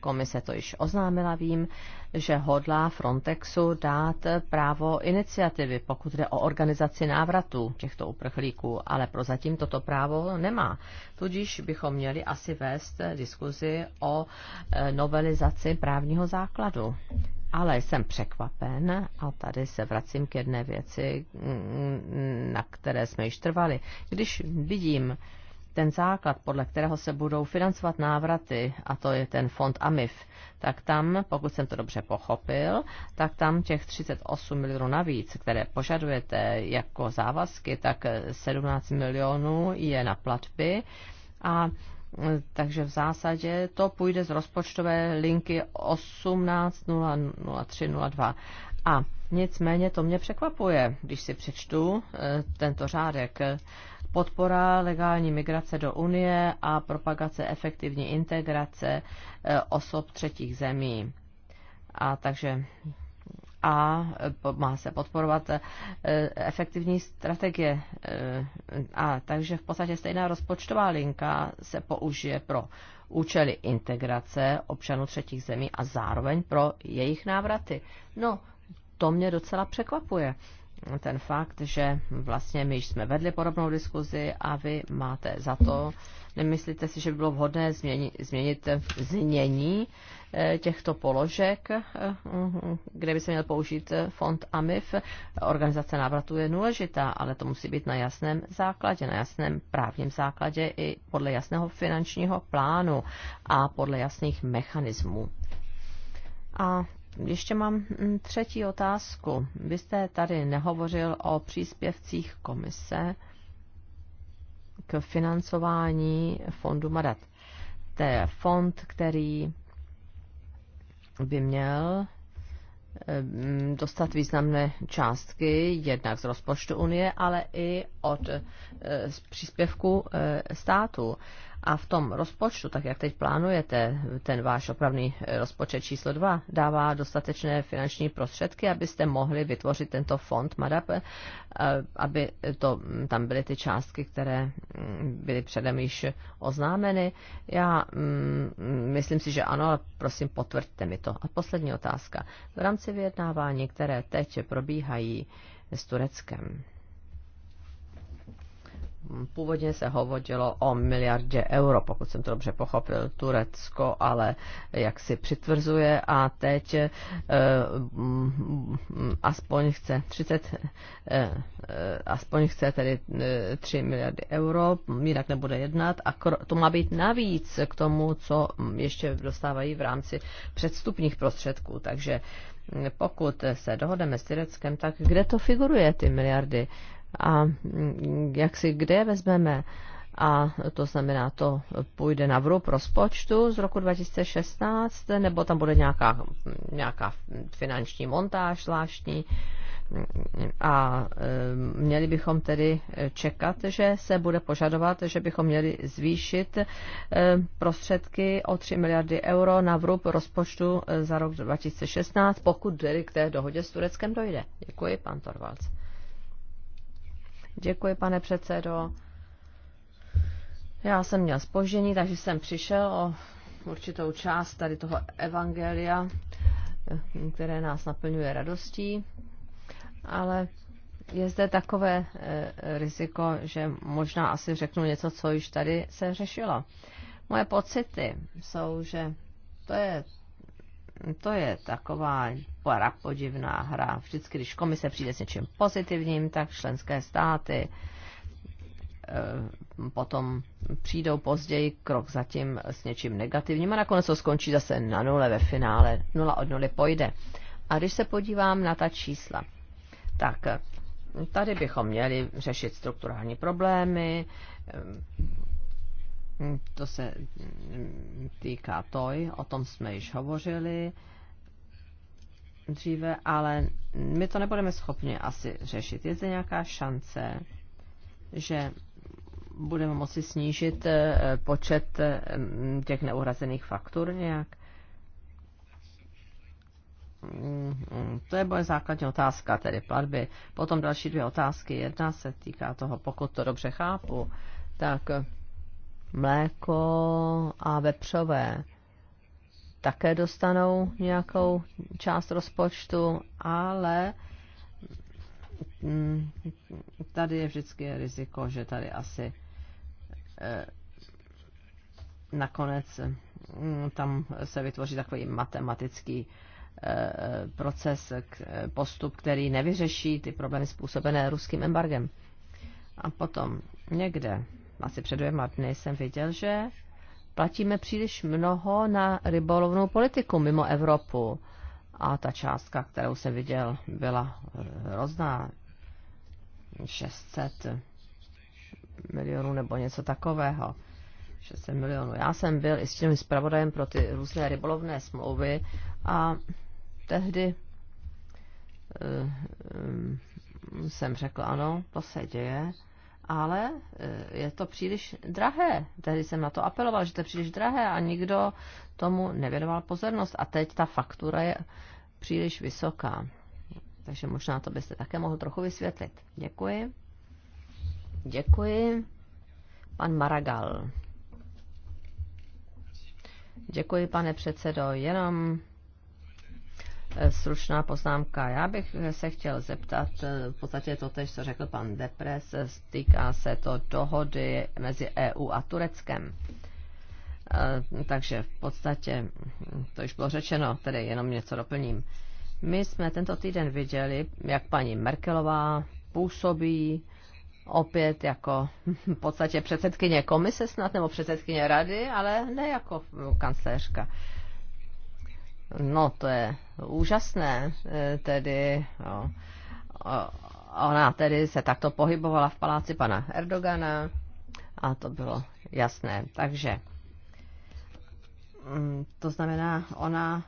Komise to již oznámila, vím, že hodlá Frontexu dát právo iniciativy, pokud jde o organizaci návratu těchto uprchlíků, ale prozatím toto právo nemá. Tudíž bychom měli asi vést diskuzi o e, novelizaci právního základu. Ale jsem překvapen a tady se vracím k jedné věci, na které jsme již trvali. Když vidím ten základ, podle kterého se budou financovat návraty, a to je ten fond AMIF, tak tam, pokud jsem to dobře pochopil, tak tam těch 38 milionů navíc, které požadujete jako závazky, tak 17 milionů je na platby a takže v zásadě to půjde z rozpočtové linky 1800302 A nicméně to mě překvapuje, když si přečtu eh, tento řádek. Podpora legální migrace do Unie a propagace efektivní integrace eh, osob třetích zemí. A takže a má se podporovat e, efektivní strategie. E, a takže v podstatě stejná rozpočtová linka se použije pro účely integrace občanů třetích zemí a zároveň pro jejich návraty. No, to mě docela překvapuje ten fakt, že vlastně my jsme vedli podobnou diskuzi a vy máte za to, nemyslíte si, že by bylo vhodné změnit, změnit znění těchto položek, eh, kde by se měl použít fond AMIF. Organizace návratu je důležitá, ale to musí být na jasném základě, na jasném právním základě i podle jasného finančního plánu a podle jasných mechanismů. A ještě mám mm, třetí otázku. Vy jste tady nehovořil o příspěvcích komise k financování fondu Madat. To je fond, který by měl ehm, dostat významné částky jednak z rozpočtu Unie, ale i od eh, příspěvku eh, státu. A v tom rozpočtu, tak jak teď plánujete, ten váš opravný eh, rozpočet číslo 2 dává dostatečné finanční prostředky, abyste mohli vytvořit tento fond MADAP, eh, aby to, mm, tam byly ty částky, které mm, byly předem již oznámeny. Já mm, myslím si, že ano, ale prosím potvrďte mi to. A poslední otázka. V rámci vyjednávání, které teď probíhají s Tureckem, původně se hovořilo o miliardě euro, pokud jsem to dobře pochopil, Turecko, ale jak si přitvrzuje a teď eh, mm, aspoň chce 30, eh, eh, aspoň chce tedy 3 eh, miliardy euro, jinak nebude jednat a to má být navíc k tomu, co mm, ještě dostávají v rámci předstupních prostředků, takže mm, pokud se dohodeme s Tureckem, tak kde to figuruje ty miliardy? a jak si kde vezmeme a to znamená, to půjde na vrub rozpočtu z roku 2016, nebo tam bude nějaká, nějaká finanční montáž zvláštní a eh, měli bychom tedy čekat, že se bude požadovat, že bychom měli zvýšit eh, prostředky o 3 miliardy euro na vrub rozpočtu eh, za rok 2016, pokud tedy k té dohodě s Tureckem dojde. Děkuji, pan Torvalds. Děkuji, pane předsedo. Já jsem měl spoždění, takže jsem přišel o určitou část tady toho evangelia, které nás naplňuje radostí, ale je zde takové eh, riziko, že možná asi řeknu něco, co již tady se řešilo. Moje pocity jsou, že to je to je taková parapodivná hra. Vždycky, když komise přijde s něčím pozitivním, tak členské státy eh, potom přijdou později krok zatím s něčím negativním a nakonec to skončí zase na nule ve finále. Nula od nuly pojde. A když se podívám na ta čísla, tak tady bychom měli řešit strukturální problémy, Mm, to se mm, týká TOJ, o tom jsme již hovořili dříve, ale my to nebudeme schopni asi řešit. Je zde nějaká šance, že budeme moci snížit eh, počet mm, těch neuhrazených faktur nějak? To je moje základní otázka, tedy platby. Potom další dvě otázky. Jedna se týká toho, pokud to dobře chápu, tak mléko a vepřové také dostanou nějakou část rozpočtu, ale mm, tady je vždycky riziko, že tady asi eh, nakonec mm, tam se vytvoří takový matematický eh, proces, postup, který nevyřeší ty problémy způsobené ruským embargem. A potom někde asi před dvěma dny jsem viděl, že platíme příliš mnoho na rybolovnou politiku mimo Evropu. A ta částka, kterou jsem viděl, byla hrozná. 600 milionů nebo něco takového. 600 milionů. Já jsem byl i s tím zpravodajem pro ty různé rybolovné smlouvy a tehdy uh, um, jsem řekl, ano, to se děje ale e, je to příliš drahé. Tehdy jsem na to apeloval, že to je příliš drahé a nikdo tomu nevěnoval pozornost. A teď ta faktura je příliš vysoká. Takže možná to byste také mohl trochu vysvětlit. Děkuji. Děkuji. Pan Maragal. Děkuji, pane předsedo. Jenom Slušná poznámka. Já bych se chtěl zeptat, eh, v podstatě to tež, co řekl pan Depres, eh, týká se to dohody mezi EU a Tureckem. Eh, takže v podstatě, hm, to již bylo řečeno, tedy jenom něco doplním. My jsme tento týden viděli, jak paní Merkelová působí opět jako hm, v podstatě předsedkyně komise snad, nebo předsedkyně rady, ale ne jako kancléřka. No, to je úžasné, eh, tedy jo. ona tedy se takto pohybovala v paláci pana Erdogana a to bylo jasné. Takže mm, to znamená, ona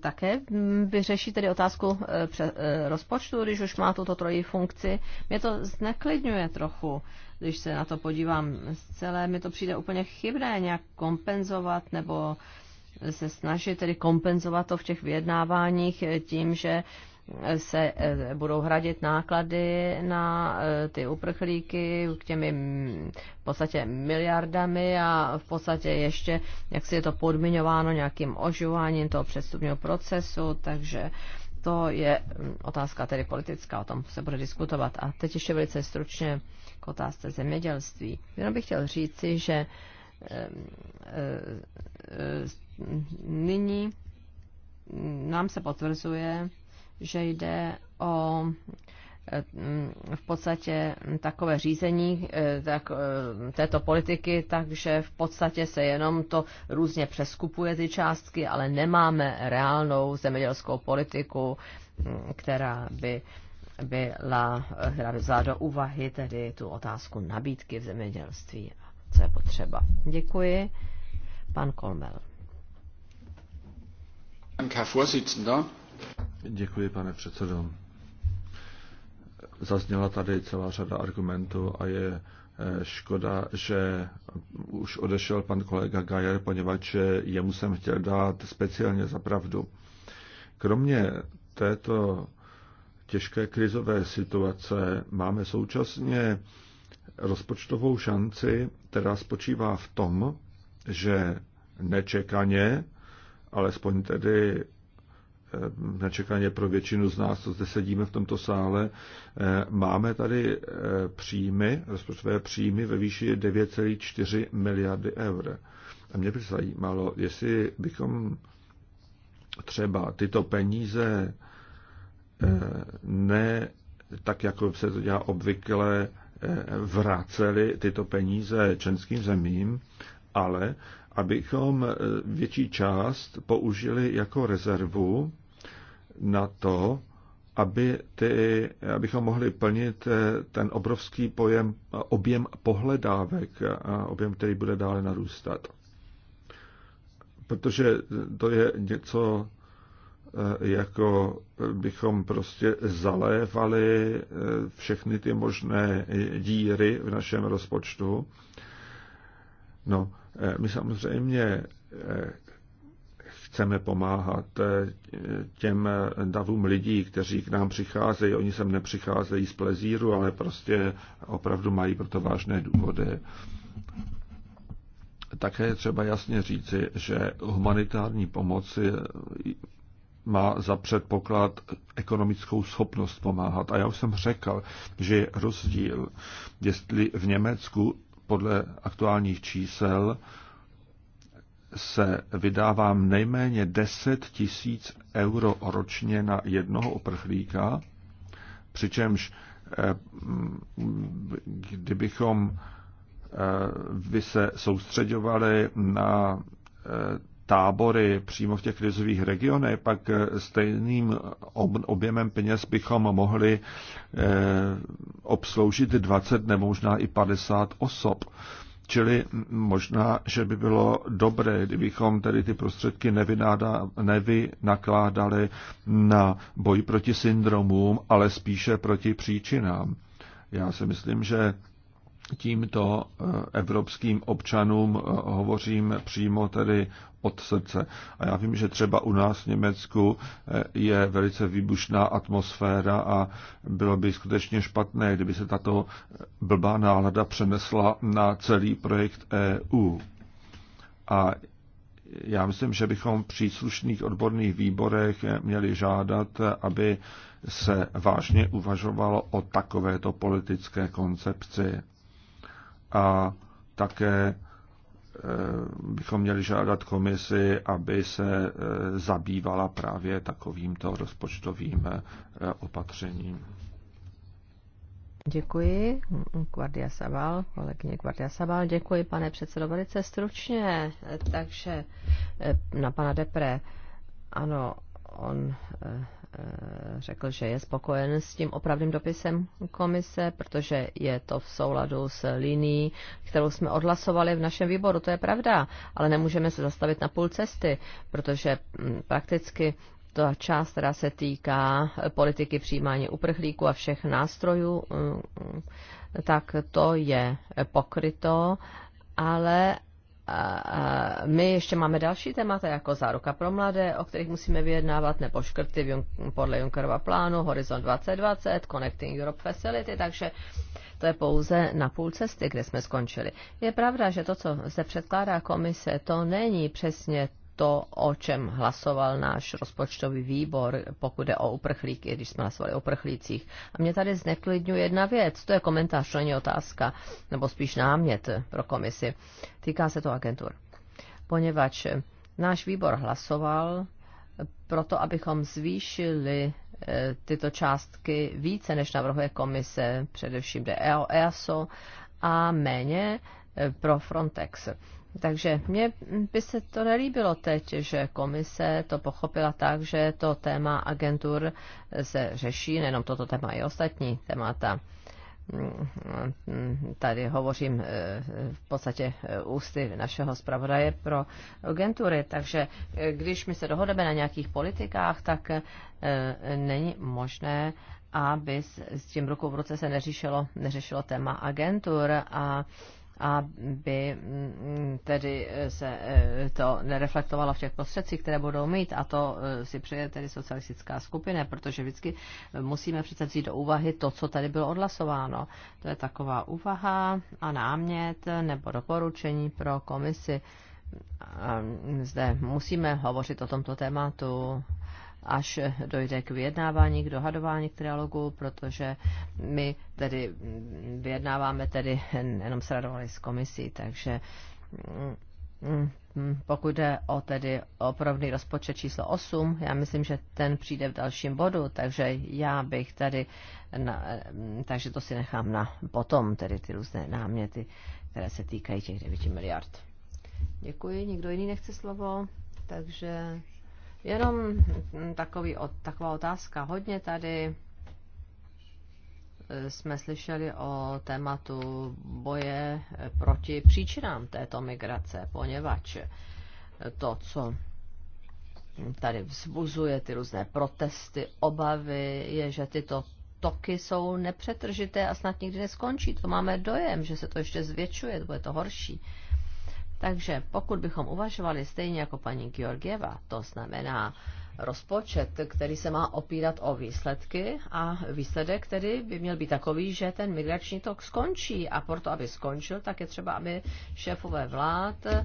také vyřeší tedy otázku eh, eh, rozpočtu, když už má tuto trojí funkci. Mě to zneklidňuje trochu, když se na to podívám z celé. Mi to přijde úplně chybné nějak kompenzovat nebo se snažit tedy kompenzovat to v těch vyjednáváních tím, že se eh, budou hradit náklady na eh, ty uprchlíky k těmi mm, v podstatě miliardami a v podstatě ještě, jak si je to podmiňováno nějakým oživáním toho přestupního procesu, takže to je mm, otázka tedy politická, o tom se bude diskutovat. A teď ještě velice stručně k otázce zemědělství. Jenom bych chtěl říci, že eh, nyní nám se potvrzuje, že jde o eh, v podstatě takové řízení eh, tak, eh, této politiky, takže v podstatě se jenom to různě přeskupuje ty částky, ale nemáme reálnou zemědělskou politiku, mm, která by byla, která by vzala do úvahy tedy tu otázku nabídky v zemědělství a co je potřeba. Děkuji. Pan Kolmel. Děkuji, pane předsedo. Zazněla tady celá řada argumentů a je eh, škoda, že už odešel pan kolega Gajer, poněvadž jemu jsem chtěl dát speciálně za pravdu. Kromě této těžké krizové situace máme současně rozpočtovou šanci, která spočívá v tom, že nečekaně alespoň tedy eh, nečekaně pro většinu z nás, co zde sedíme v tomto sále, eh, máme tady eh, příjmy, rozpočtové příjmy ve výši 9,4 miliardy eur. A mě by zajímalo, jestli bychom třeba tyto peníze ne tak, jako se to dělá obvykle, vraceli tyto peníze členským zemím, ale abychom e, větší část použili jako rezervu na to, aby ty, abychom mohli plnit e, ten obrovský pojem, e, objem pohledávek, objem, který bude dále narůstat. Protože to je něco, jako bychom prostě zalévali všechny ty možné díry v našem rozpočtu. No, Eh, my samozřejmě eh, chceme pomáhat eh, těm davům lidí, kteří k nám přicházejí. Oni sem nepřicházejí z plezíru, ale prostě opravdu mají proto vážné důvody. Také je třeba jasně říci, že humanitární pomoc má za předpoklad ekonomickou schopnost pomáhat. A já už jsem řekl, že je rozdíl, jestli v Německu podle aktuálních čísel se vydávám nejméně 10 tisíc euro ročně na jednoho oprchlíka, přičemž eh, kdybychom eh, vy se soustředovali na eh, tábory přímo v těch krizových regionech, pak eh, stejným objemem peněz bychom mohli eh, obsloužit 20 nebo možná i 50 osob. Čili možná, že by bylo dobré, kdybychom tedy ty prostředky nevynakládali na boj proti syndromům, ale spíše proti příčinám. Já si myslím, že tímto eh, evropským občanům eh, hovořím přímo tedy od srdce. A já vím, že třeba u nás v Německu eh, je velice výbušná atmosféra a bylo by skutečně špatné, kdyby se tato blbá nálada přenesla na celý projekt EU. A já myslím, že bychom v příslušných odborných výborech měli žádat, aby se vážně uvažovalo o takovéto politické koncepci a také eh, bychom měli žádat komisi, aby se eh, zabývala právě takovýmto rozpočtovým eh, opatřením. Děkuji, Guardia Sabal, kolegyně Guardia Sabal, děkuji, pane předsedo, velice stručně. Takže na pana Depre, ano, on Eh, řekl, že je spokojen s tím opravným dopisem komise, protože je to v souladu s linií, kterou jsme odhlasovali v našem výboru. To je pravda, ale nemůžeme se zastavit na půl cesty, protože hm, prakticky ta část, která se týká politiky přijímání uprchlíků a všech nástrojů, hm, tak to je pokryto, ale a my ještě máme další témata, jako záruka pro mladé, o kterých musíme vyjednávat, nebo škrty podle Junckerova plánu, Horizon 2020, Connecting Europe Facility, takže to je pouze na půl cesty, kde jsme skončili. Je pravda, že to, co se předkládá komise, to není přesně to, o čem hlasoval náš rozpočtový výbor, pokud je o uprchlíky, když jsme hlasovali o uprchlících. A mě tady zneklidňuje jedna věc, to je komentář, to není otázka, nebo spíš námět pro komisi. Týká se to agentur. Poněvadž náš výbor hlasoval proto, abychom zvýšili eh, tyto částky více, než navrhuje komise, především DEO, EASO a méně eh, pro Frontex. Takže mně by se to nelíbilo teď, že komise to pochopila tak, že to téma agentur se řeší, nejenom toto téma, i ostatní témata. Tady hovořím eh, v podstatě eh, ústy našeho zpravodaje pro agentury, takže eh, když my se dohodeme na nějakých politikách, tak není možné, aby s tím rukou v ruce se neřešilo, neřešilo téma agentur a aby mm, tedy eh, se eh, to nereflektovalo v těch prostředcích, které budou mít a to eh, si přeje tedy socialistická skupina, protože vždycky musíme přece vzít do úvahy to, co tady bylo odhlasováno. To je taková úvaha a námět nebo doporučení pro komisi. Mm, zde musíme hovořit o tomto tématu až dojde k vyjednávání, k dohadování, k trialogu, protože my tedy vyjednáváme tedy jenom s radovali s komisí, takže mm, mm, pokud jde o tedy opravný rozpočet číslo 8, já myslím, že ten přijde v dalším bodu, takže já bych tady, na, mm, takže to si nechám na potom, tedy ty různé náměty, které se týkají těch 9 miliard. Děkuji, nikdo jiný nechce slovo, takže Jenom takový, taková otázka. Hodně tady eh, jsme slyšeli o tématu boje eh, proti příčinám této migrace, poněvadž eh, to, co tady vzbuzuje ty různé protesty, obavy, je, že tyto toky jsou nepřetržité a snad nikdy neskončí. To máme dojem, že se to ještě zvětšuje, to bude to horší. Takže pokud bychom uvažovali stejně jako paní Georgieva, to znamená rozpočet, který se má opírat o výsledky a výsledek který by měl být takový, že ten migrační tok skončí a proto, aby skončil, tak je třeba, aby šéfové vlád eh,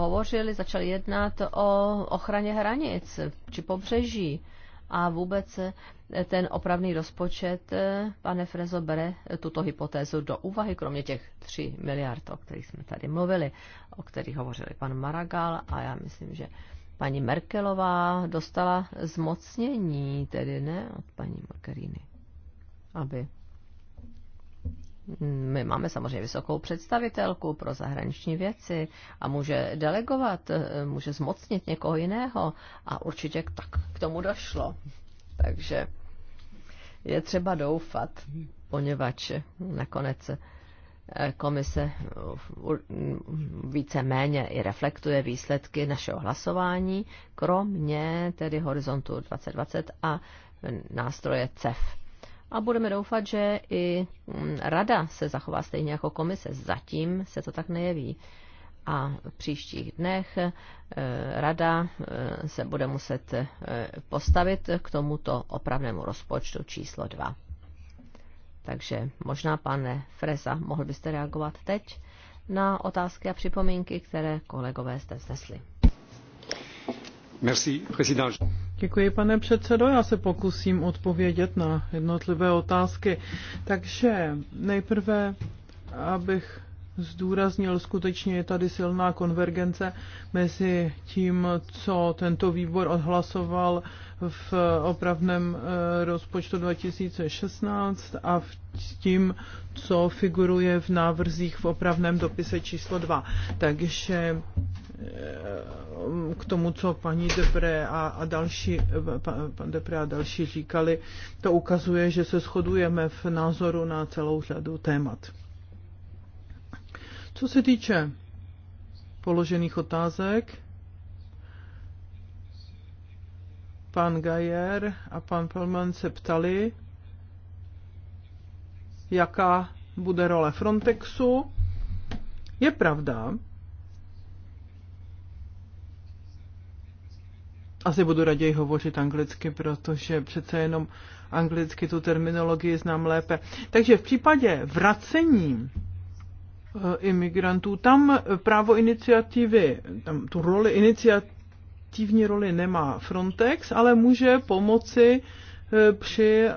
hovořili, začali jednat o ochraně hranic či pobřeží a vůbec eh, ten opravný rozpočet, eh, pane Frezo, bere eh, tuto hypotézu do úvahy, kromě těch 3 miliard, o kterých jsme tady mluvili, o kterých hovořili pan Maragal a já myslím, že paní Merkelová dostala zmocnění, tedy ne od paní Mogherini, aby my máme samozřejmě vysokou představitelku pro zahraniční věci a může delegovat, eh, může zmocnit někoho jiného a určitě tak k tomu došlo. Takže je třeba doufat, poněvadž nakonec eh, komise eh, mm, více méně i reflektuje výsledky našeho hlasování, kromě tedy horizontu 2020 a nástroje CEF a budeme doufat, že i mm, rada se zachová stejně jako komise. Zatím se to tak nejeví. A v příštích dnech e, rada e, se bude muset e, postavit k tomuto opravnému rozpočtu číslo 2. Takže možná, pane Freza, mohl byste reagovat teď na otázky a připomínky, které kolegové jste vznesli. Merci, Děkuji, pane předsedo. Já se pokusím odpovědět na jednotlivé otázky. Takže nejprve, abych zdůraznil, skutečně je tady silná konvergence mezi tím, co tento výbor odhlasoval v opravném eh, rozpočtu 2016 a v tím, co figuruje v návrzích v opravném dopise číslo 2. Takže k tomu, co paní Depré a, a další, pan Depré a další říkali, to ukazuje, že se shodujeme v názoru na celou řadu témat. Co se týče položených otázek, pan Gajer a pan Pelman se ptali, jaká bude role Frontexu. Je pravda, asi budu raději hovořit anglicky, protože přece jenom anglicky tu terminologii znám lépe. Takže v případě vracení eh, imigrantů, tam právo iniciativy, tam tu roli iniciativní roli nemá Frontex, ale může pomoci eh, při eh,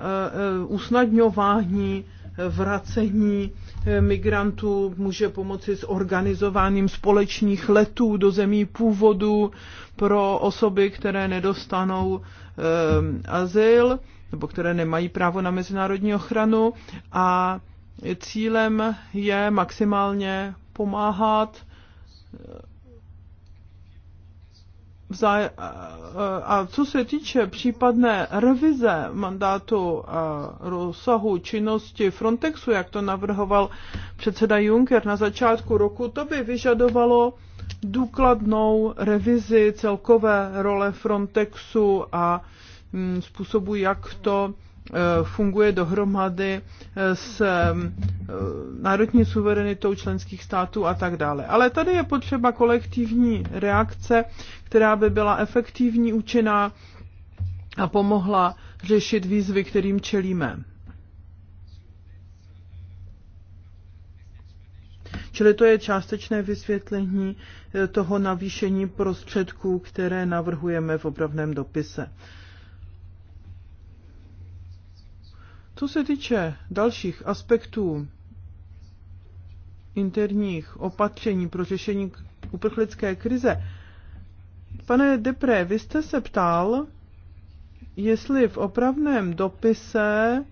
usnadňování vracení eh, migrantů, může pomoci s organizováním společných letů do zemí původu pro osoby, které nedostanou eh, azyl nebo které nemají právo na mezinárodní ochranu a cílem je maximálně pomáhat eh, Eh, a co se týče případné revize mandátu a eh, rozsahu činnosti Frontexu, jak to navrhoval předseda Juncker na začátku roku, to by vyžadovalo důkladnou revizi celkové role Frontexu a mm, způsobu, jak to Eh, funguje dohromady eh, s eh, národní suverenitou členských států a tak dále. Ale tady je potřeba kolektivní reakce, která by byla efektivní, účinná a pomohla řešit výzvy, kterým čelíme. Čili to je částečné vysvětlení toho navýšení prostředků, které navrhujeme v obravném dopise. Co se týče dalších aspektů interních opatření pro řešení uprchlické krize, pane Depré, vy jste se ptal, jestli v opravném dopise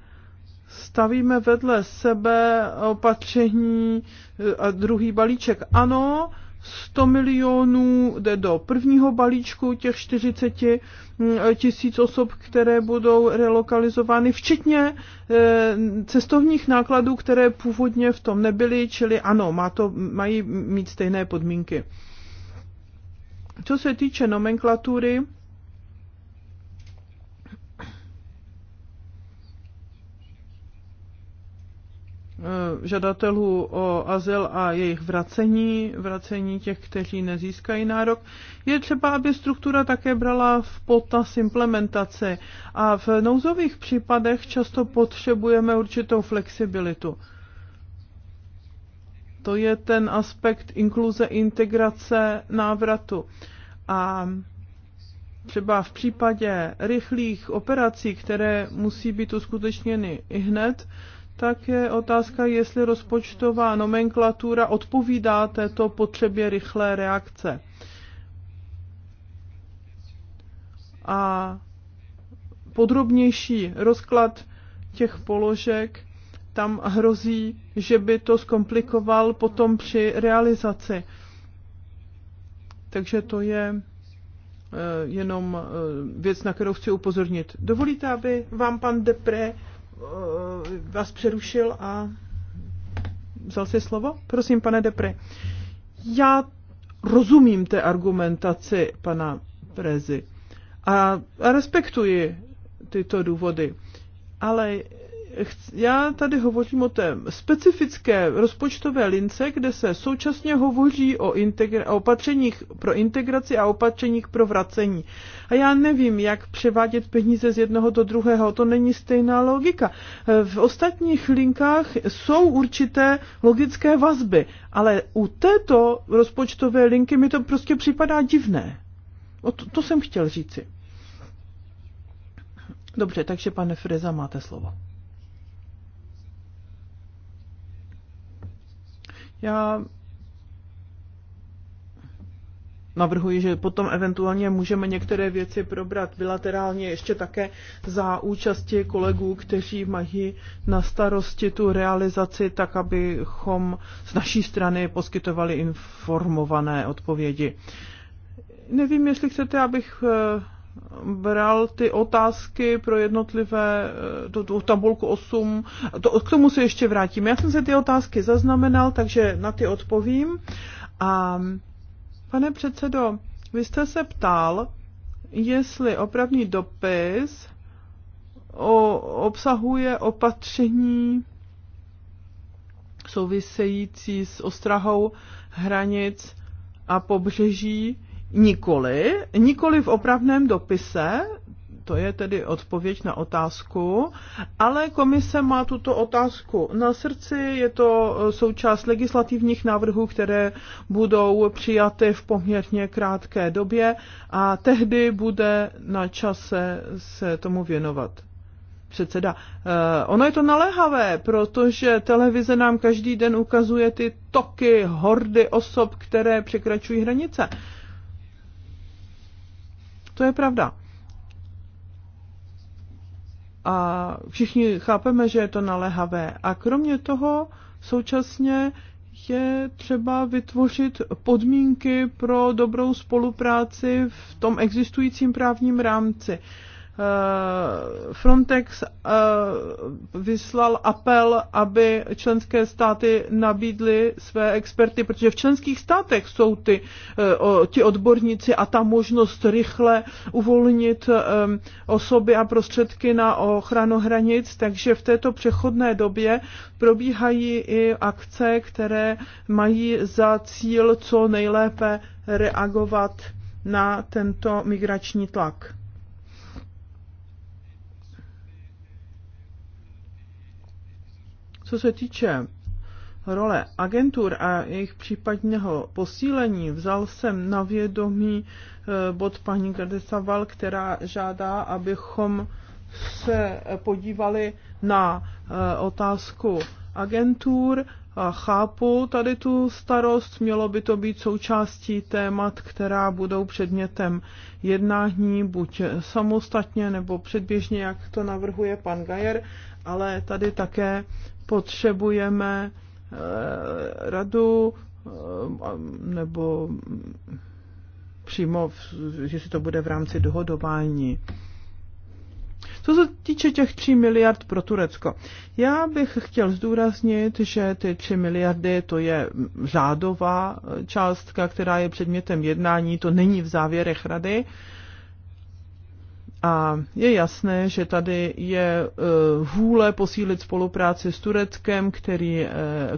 stavíme vedle sebe opatření e, a druhý balíček. Ano, 100 milionů jde do prvního balíčku těch 40 mm, tisíc osob, které budou relokalizovány, včetně e, cestovních nákladů, které původně v tom nebyly, čili ano, má to, mají mít stejné podmínky. Co se týče nomenklatury, Eh, žadatelů o azyl a jejich vracení, vracení těch, kteří nezískají nárok. Je třeba, aby struktura také brala v potaz implementaci a v nouzových případech často potřebujeme určitou flexibilitu. To je ten aspekt inkluze, integrace, návratu. A třeba v případě rychlých operací, které musí být uskutečněny i hned, tak je otázka, jestli rozpočtová nomenklatura odpovídá této potřebě rychlé reakce. A podrobnější rozklad těch položek tam hrozí, že by to zkomplikoval potom při realizaci. Takže to je e, jenom e, věc, na kterou chci upozornit. Dovolíte, aby vám pan Depré Eh, vás přerušil a vzal si slovo. Prosím, pane Depry. Já rozumím té argumentaci pana Prezi a respektuji tyto důvody, ale já tady hovořím o té specifické rozpočtové lince, kde se současně hovoří o, integra- o opatřeních pro integraci a opatřeních pro vracení. A já nevím, jak převádět peníze z jednoho do druhého, to není stejná logika. V ostatních linkách jsou určité logické vazby, ale u této rozpočtové linky mi to prostě připadá divné. O to, to jsem chtěl říci. Dobře, takže pane Freza, máte slovo. Já navrhuji, že potom eventuálně můžeme některé věci probrat bilaterálně ještě také za účasti kolegů, kteří mají na starosti tu realizaci, tak abychom z naší strany poskytovali informované odpovědi. Nevím, jestli chcete, abych eh, bral ty otázky pro jednotlivé, eh, tu, tu tabulku 8, to, k tomu se ještě vrátím. Já jsem se ty otázky zaznamenal, takže na ty odpovím. A pane předsedo, vy jste se ptal, jestli opravný dopis o, obsahuje opatření související s ostrahou hranic a pobřeží Nikoli, nikoli v opravném dopise, to je tedy odpověď na otázku, ale komise má tuto otázku na srdci, je to eh, součást legislativních návrhů, které budou přijaty v poměrně krátké době a tehdy bude na čase se tomu věnovat. Předseda, eh, ono je to naléhavé, protože televize nám každý den ukazuje ty toky, hordy osob, které překračují hranice. To je pravda. A všichni chápeme, že je to naléhavé. A kromě toho současně je třeba vytvořit podmínky pro dobrou spolupráci v tom existujícím právním rámci. Eh, Frontex eh, vyslal apel, aby členské státy nabídly své experty, protože v členských státech jsou ty, eh, ti odborníci a ta možnost rychle uvolnit osoby a prostředky na ochranu hranic, takže v této přechodné době probíhají i akce, které mají za cíl co nejlépe reagovat na tento migrační tlak. Co se týče role agentur a jejich případného posílení, vzal jsem na vědomí e, bod paní Gardesaval, která žádá, abychom se podívali na e, otázku agentur. A chápu tady tu starost, mělo by to být součástí témat, která budou předmětem jednání, buď samostatně nebo předběžně, jak to navrhuje pan Gajer, ale tady také potřebujeme eh, radu eh, nebo přímo, že si to bude v rámci dohodování. Co se týče těch 3 miliard pro Turecko, já bych chtěl zdůraznit, že ty 3 miliardy to je řádová částka, která je předmětem jednání, to není v závěrech rady. Uh, a je jasné, že tady je eh, vůle posílit spolupráci s Tureckem, který, eh,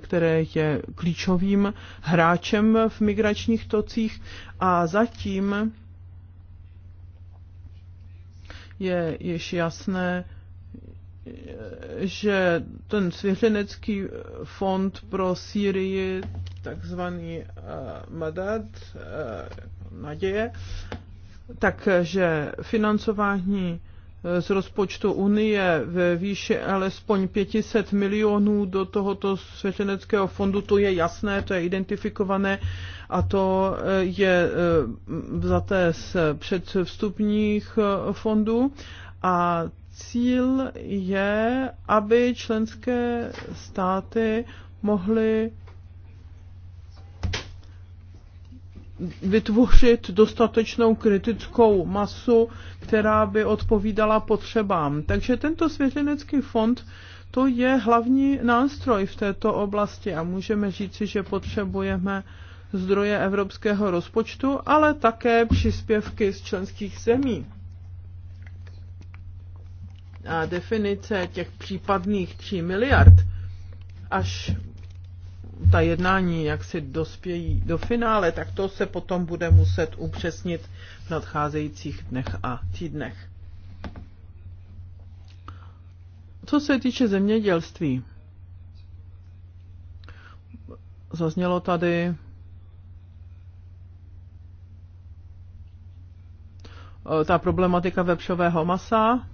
které je klíčovým hráčem v migračních tocích a zatím je již jasné, že ten svěřenecký fond pro Sýrii, takzvaný eh, Madad, jako naděje, takže financování eh, z rozpočtu Unie ve výši alespoň 500 milionů do tohoto svěřeneckého fondu, to je jasné, to je identifikované a to eh, je vzaté eh, z předvstupních fondů a cíl je, aby členské státy mohly vytvořit dostatečnou kritickou masu, která by odpovídala potřebám. Takže tento svěřenecký fond to je hlavní nástroj v této oblasti a můžeme říci, že potřebujeme zdroje evropského rozpočtu, ale také příspěvky z členských zemí. A definice těch případných 3 miliard až ta jednání jak si dospějí do finále, tak to se potom bude muset upřesnit v nadcházejících dnech a týdnech. Co se týče zemědělství, zaznělo tady eh, ta problematika vepšového masa,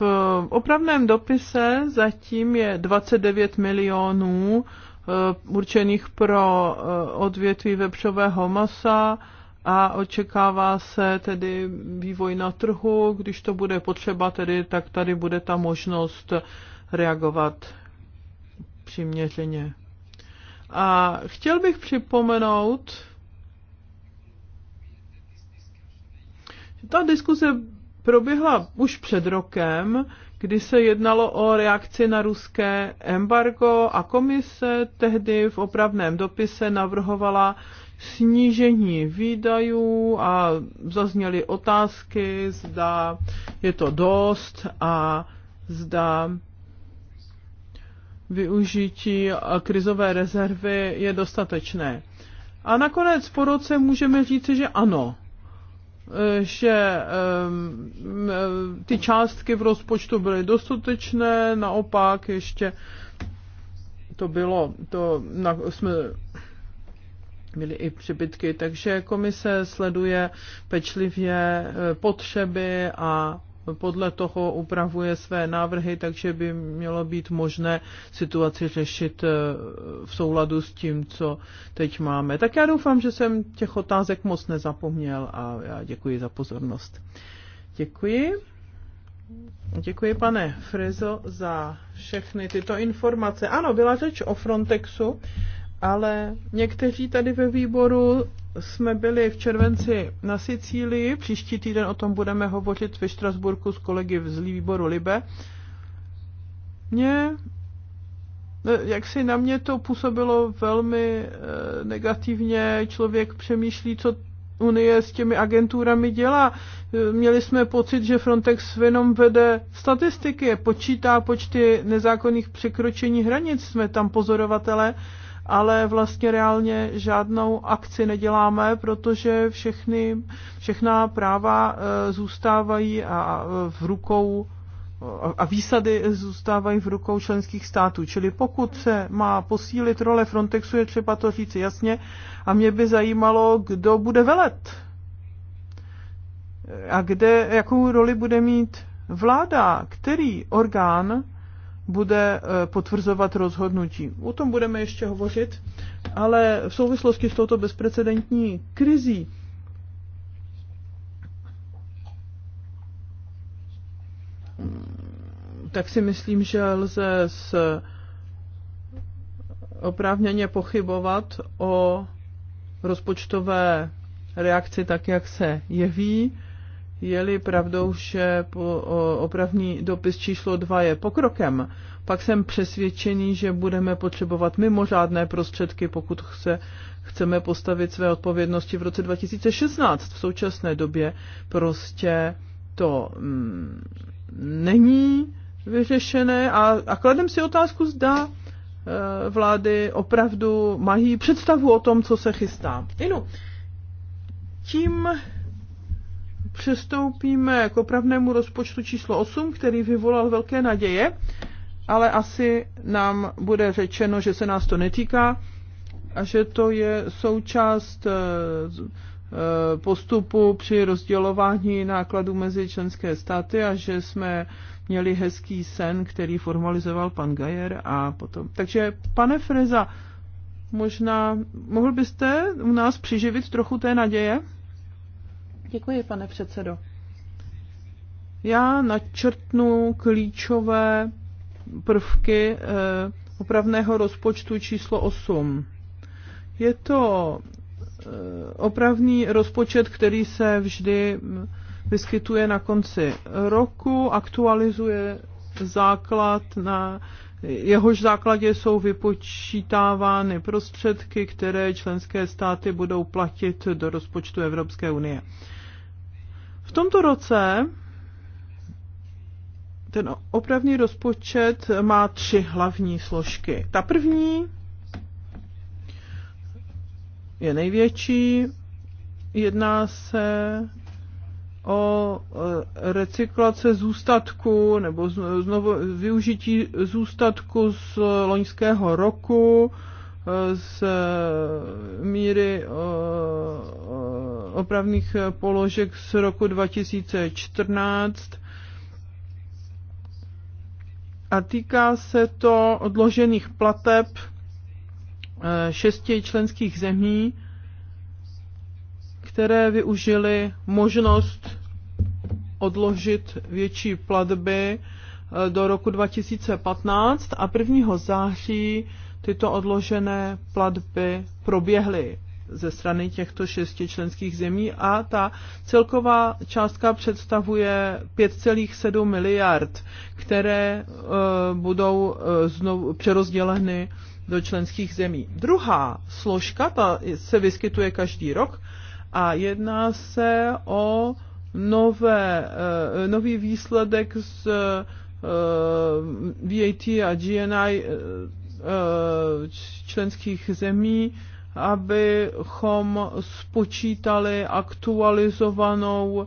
V opravném dopise zatím je 29 milionů eh, určených pro eh, odvětví vepřového masa a očekává se tedy vývoj na trhu. Když to bude potřeba, tedy, tak tady bude ta možnost reagovat přiměřeně. A chtěl bych připomenout, ta diskuze proběhla už před rokem, kdy se jednalo o reakci na ruské embargo a komise tehdy v opravném dopise navrhovala snížení výdajů a zazněly otázky, zda je to dost a zda využití krizové rezervy je dostatečné. A nakonec po roce můžeme říci, že ano, že ty částky v rozpočtu byly dostatečné, naopak ještě to bylo, to na, jsme měli i přebytky, takže komise sleduje pečlivě eh, potřeby a podle toho upravuje své návrhy, takže by mělo být možné situaci řešit eh, v souladu s tím, co teď máme. Tak já doufám, že jsem těch otázek moc nezapomněl a já děkuji za pozornost. Děkuji. Děkuji, pane Frizo, za všechny tyto informace. Ano, byla řeč o Frontexu ale někteří tady ve výboru jsme byli v červenci na Sicílii, příští týden o tom budeme hovořit ve Štrasburku s kolegy z výboru Libe. Mě, eh, jak si na mě to působilo velmi eh, negativně, člověk přemýšlí, co Unie s těmi agenturami dělá. Eh, měli jsme pocit, že Frontex jenom vede statistiky, počítá počty nezákonných překročení hranic, jsme tam pozorovatele ale vlastně reálně žádnou akci neděláme, protože všechny, všechna práva eh, zůstávají a v rukou a výsady zůstávají v rukou členských států. Čili pokud se má posílit role Frontexu, je třeba to říci jasně. A mě by zajímalo, kdo bude velet. A kde, jakou roli bude mít vláda, který orgán bude eh, potvrzovat rozhodnutí. O tom budeme ještě hovořit, ale v souvislosti s touto bezprecedentní krizí mm, tak si myslím, že lze s eh, oprávněně pochybovat o rozpočtové reakci tak, jak se jeví je-li pravdou, že opravní dopis číslo 2 je pokrokem, pak jsem přesvědčený, že budeme potřebovat mimořádné prostředky, pokud chce, chceme postavit své odpovědnosti v roce 2016. V současné době prostě to mm, není vyřešené a, a kladem si otázku, zda e, vlády opravdu mají představu o tom, co se chystá. Inu, tím Přestoupíme k opravnému rozpočtu číslo 8, který vyvolal velké naděje, ale asi nám bude řečeno, že se nás to netýká a že to je součást eh, eh, postupu při rozdělování nákladů mezi členské státy a že jsme měli hezký sen, který formalizoval pan Gajer a potom. Takže pane Freza, možná mohl byste u nás přiživit trochu té naděje? Děkuji, pane předsedo. Já načrtnu klíčové prvky eh, opravného rozpočtu číslo 8. Je to eh, opravný rozpočet, který se vždy vyskytuje na konci roku, aktualizuje základ na jehož základě jsou vypočítávány prostředky, které členské státy budou platit do rozpočtu Evropské unie tomto roce ten opravný rozpočet má tři hlavní složky. Ta první je největší, jedná se o eh, recyklace zůstatku nebo znovu využití zůstatku z loňského roku z míry opravných položek z roku 2014 a týká se to odložených plateb e, šesti členských zemí, které využily možnost odložit větší platby e, do roku 2015 a 1. září tyto odložené platby proběhly ze strany těchto šesti členských zemí a ta celková částka představuje 5,7 miliard, které eh, budou eh, znovu přerozděleny do členských zemí. Druhá složka, ta se vyskytuje každý rok a jedná se o nové, uh, nový výsledek z VAT a GNI Eh, členských zemí, abychom spočítali aktualizovanou eh,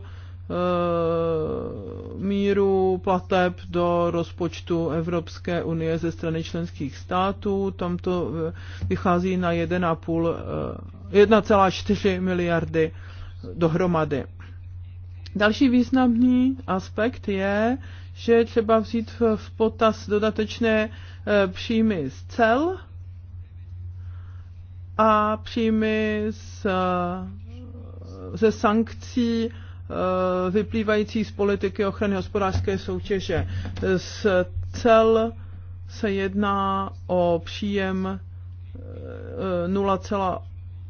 míru plateb do rozpočtu Evropské unie ze strany členských států. Tam to eh, vychází na 1,4 miliardy dohromady. Další významný aspekt je, že je třeba vzít v potaz dodatečné e, příjmy z cel a příjmy z, e, ze sankcí e, vyplývající z politiky ochrany hospodářské soutěže. Z cel se jedná o příjem 0,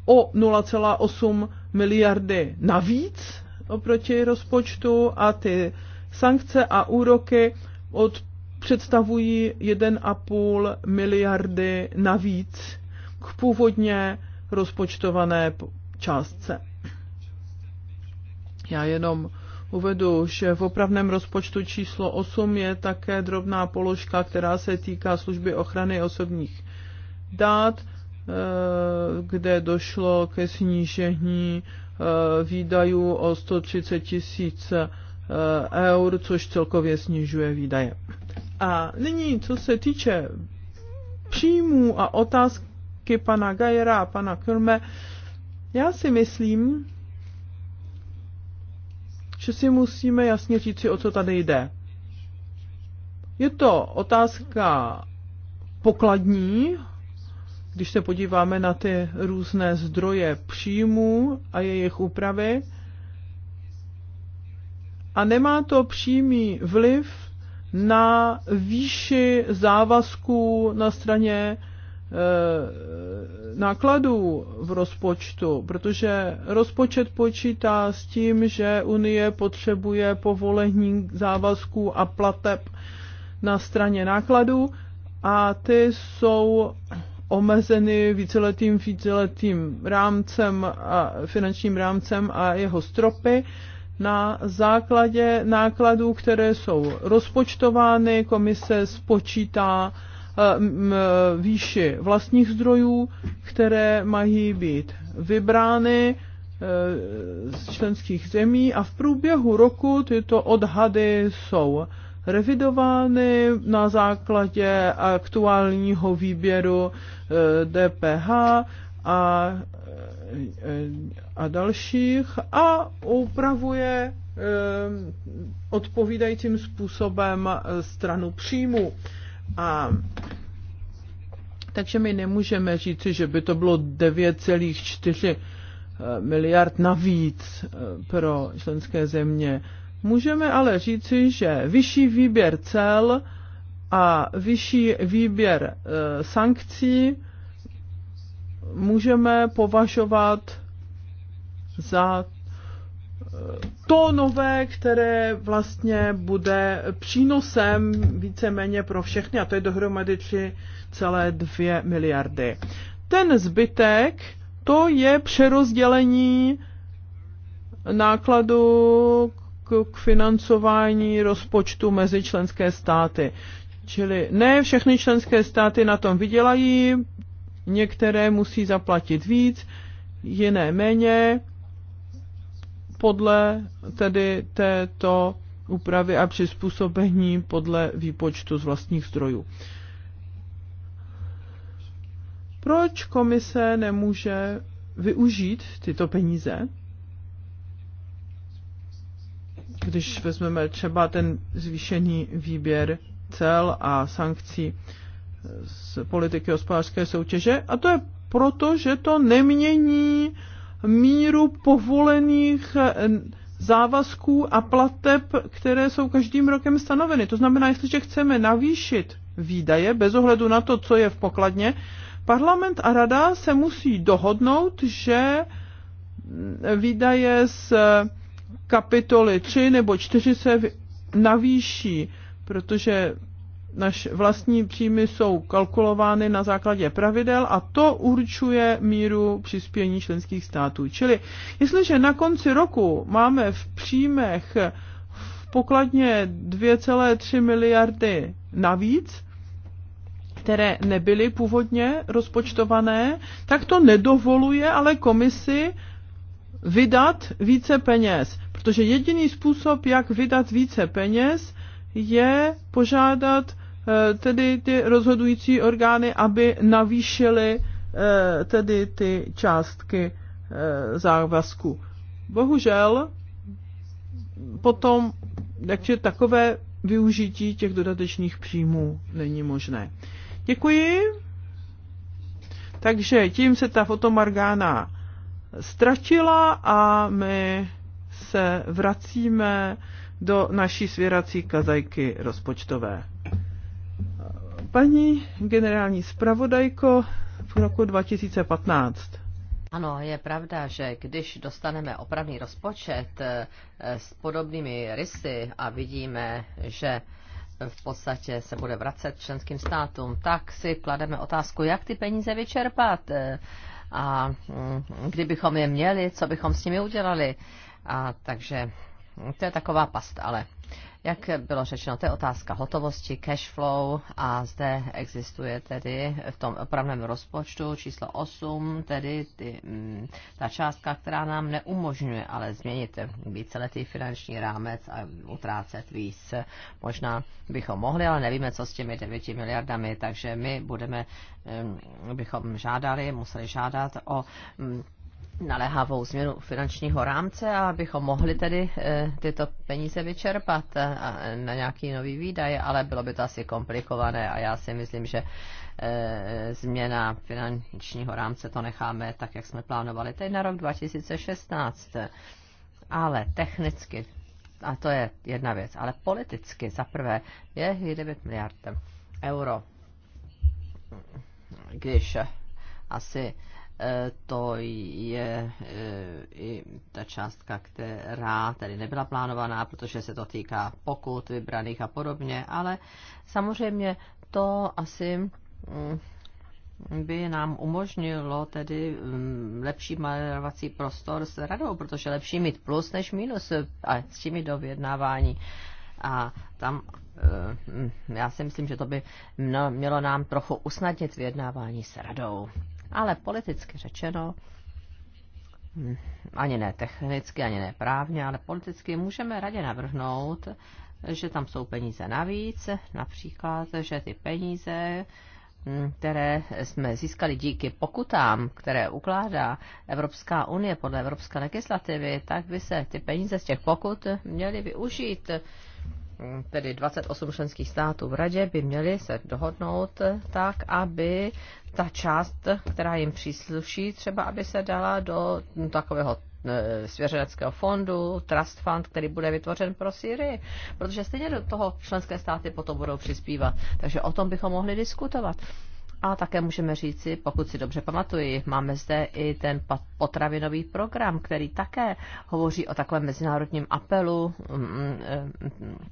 o 0,8 miliardy navíc oproti rozpočtu a ty Sankce a úroky od představují 1,5 miliardy navíc k původně rozpočtované částce. Já jenom uvedu, že v opravném rozpočtu číslo 8 je také drobná položka, která se týká služby ochrany osobních dát, e, kde došlo ke snížení e, výdajů o 130 tisíc Eh, eur, což celkově snižuje výdaje. A nyní, co se týče příjmů a otázky pana Gajera a pana Krme, já si myslím, že si musíme jasně říci, o co tady jde. Je to otázka pokladní, když se podíváme na ty různé zdroje příjmů a jejich úpravy, a nemá to přímý vliv na výši závazků na straně e, nákladů v rozpočtu, protože rozpočet počítá s tím, že Unie potřebuje povolení závazků a plateb na straně nákladů a ty jsou omezeny víceletým, víceletým rámcem a finančním rámcem a jeho stropy na základě nákladů, které jsou rozpočtovány, komise spočítá eh, výši vlastních zdrojů, které mají být vybrány eh, z členských zemí a v průběhu roku tyto odhady jsou revidovány na základě aktuálního výběru DPH eh, a a dalších a upravuje ehm, odpovídajícím způsobem eh, stranu příjmu. A takže my nemůžeme říci, že by to bylo 9,4 eh, miliard navíc eh, pro členské země. Můžeme ale říci, že vyšší výběr cel a vyšší výběr sankcí můžeme považovat za eh, to nové, které vlastně bude přínosem víceméně pro všechny, a to je dohromady 3,2 miliardy. Ten zbytek, to je přerozdělení nákladu k financování rozpočtu mezi členské státy. Čili ne všechny členské státy na tom vydělají, některé musí zaplatit víc, jiné méně podle tedy této úpravy a přizpůsobení podle výpočtu z vlastních zdrojů. Proč komise nemůže využít tyto peníze? Když vezmeme třeba ten zvýšený výběr cel a sankcí z politiky hospodářské soutěže, a to je proto, že to nemění míru povolených eh, závazků a plateb, které jsou každým rokem stanoveny. To znamená, jestliže chceme navýšit výdaje bez ohledu na to, co je v pokladně, parlament a rada se musí dohodnout, že mm, výdaje z eh, kapitoly 3 nebo 4 se navýší, protože naš vlastní příjmy jsou kalkulovány na základě pravidel a to určuje míru přispění členských států. Čili jestliže na konci roku máme v příjmech v pokladně 2,3 miliardy navíc, které nebyly původně rozpočtované, tak to nedovoluje ale komisi vydat více peněz. Protože jediný způsob, jak vydat více peněz, je požádat Eh, tedy ty rozhodující orgány, aby navýšily eh, tedy ty částky eh, závazku. Bohužel potom takže takové využití těch dodatečných příjmů není možné. Děkuji. Takže tím se ta fotomargána ztratila a my se vracíme do naší svěrací kazajky rozpočtové. Paní generální zpravodajko v roku 2015. Ano, je pravda, že když dostaneme opravný rozpočet eh, s podobnými rysy a vidíme, že v podstatě se bude vracet členským státům, tak si klademe otázku, jak ty peníze vyčerpat eh, a mm, kdybychom je měli, co bychom s nimi udělali. A takže to je taková past, ale jak bylo řečeno, to je otázka hotovosti, cash flow a zde existuje tedy v tom opravném rozpočtu číslo 8, tedy ty, mm, ta částka, která nám neumožňuje ale změnit víceletý finanční rámec a utrácet víc. Možná bychom mohli, ale nevíme, co s těmi 9 miliardami, takže my budeme, mm, bychom žádali, museli žádat o mm, naléhavou změnu finančního rámce a abychom mohli tedy eh, tyto peníze vyčerpat eh, na nějaký nový výdaj, ale bylo by to asi komplikované a já si myslím, že eh, změna finančního rámce to necháme tak, jak jsme plánovali teď na rok 2016. Ale technicky, a to je jedna věc, ale politicky zaprvé je 9 miliard euro, když asi to je eh, i ta částka, která tady nebyla plánovaná, protože se to týká pokut vybraných a podobně, ale samozřejmě to asi mm, by nám umožnilo tedy mm, lepší manévrovací prostor s radou, protože lepší mít plus než minus a s tím do vyjednávání. A tam eh, mm, já si myslím, že to by mělo nám trochu usnadnit vyjednávání s radou ale politicky řečeno, hm, ani ne technicky, ani ne právně, ale politicky můžeme radě navrhnout, že tam jsou peníze navíc, například, že ty peníze, hm, které jsme získali díky pokutám, které ukládá Evropská unie podle evropské legislativy, tak by se ty peníze z těch pokut měly využít tedy 28 členských států v radě by měli se dohodnout tak, aby ta část, která jim přísluší, třeba aby se dala do takového e, svěřeneckého fondu, trust fund, který bude vytvořen pro Syrii, protože stejně do toho členské státy potom budou přispívat. Takže o tom bychom mohli diskutovat. A také můžeme říci, pokud si dobře pamatuji, máme zde i ten potravinový program, který také hovoří o takovém mezinárodním apelu mm, mm, mm,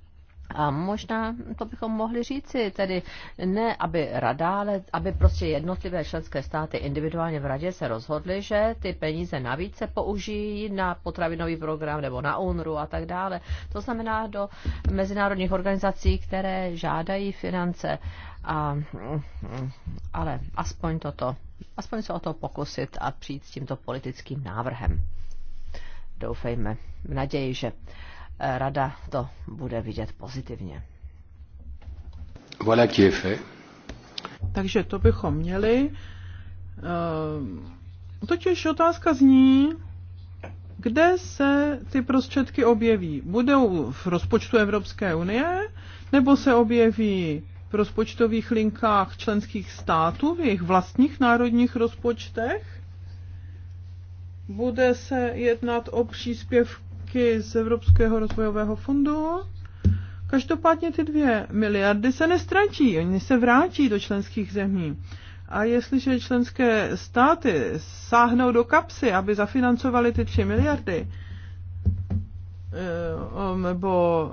a možná to bychom mohli říci, tedy ne, aby rada, ale aby prostě jednotlivé členské státy individuálně v radě se rozhodly, že ty peníze navíc se použijí na potravinový program nebo na UNRU a tak dále. To znamená do mezinárodních organizací, které žádají finance. A, ale aspoň toto, aspoň se o to pokusit a přijít s tímto politickým návrhem. Doufejme, v naději, že rada to bude vidět pozitivně. Voilà qui est fait. Takže to bychom měli. Ehm, totiž otázka zní, kde se ty prostředky objeví? Budou v rozpočtu Evropské unie, nebo se objeví v rozpočtových linkách členských států, v jejich vlastních národních rozpočtech? Bude se jednat o příspěvky taky z Evropského rozvojového fondu. Každopádně ty dvě miliardy se nestratí, oni se vrátí do členských zemí. A jestliže členské státy sáhnou do kapsy, aby zafinancovali ty tři miliardy, eh, nebo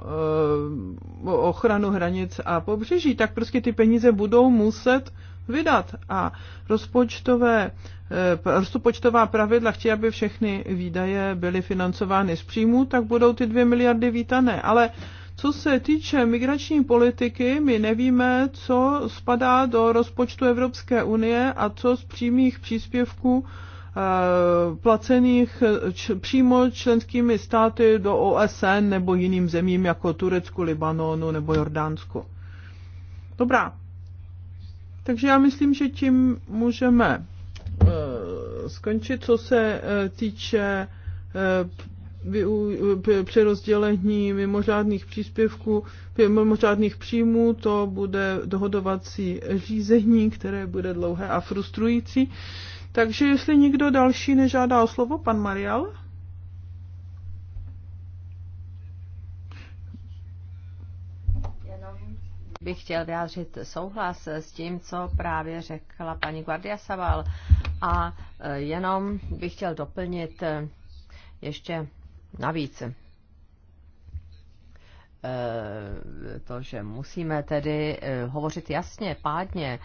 eh, ochranu hranic a pobřeží, tak prostě ty peníze budou muset vydat. A rozpočtové, eh, rozpočtová pravidla chtějí, aby všechny výdaje byly financovány z příjmu, tak budou ty dvě miliardy vítané. Ale co se týče migrační politiky, my nevíme, co spadá do rozpočtu Evropské unie a co z přímých příspěvků eh, placených eh, č, přímo členskými státy do OSN nebo jiným zemím jako Turecku, Libanonu nebo Jordánsku. Dobrá, takže já myslím, že tím můžeme eh, skončit, co se eh, týče eh, přerozdělení mimořádných příspěvků, mimořádných příjmů, to bude dohodovací řízení, které bude dlouhé a frustrující. Takže jestli nikdo další nežádá o slovo, pan Marial? bych chtěl vyjádřit souhlas s tím, co právě řekla paní Guardia Saval. A e, jenom bych chtěl doplnit e, ještě navíc e, to, že musíme tedy hovořit jasně, pádně,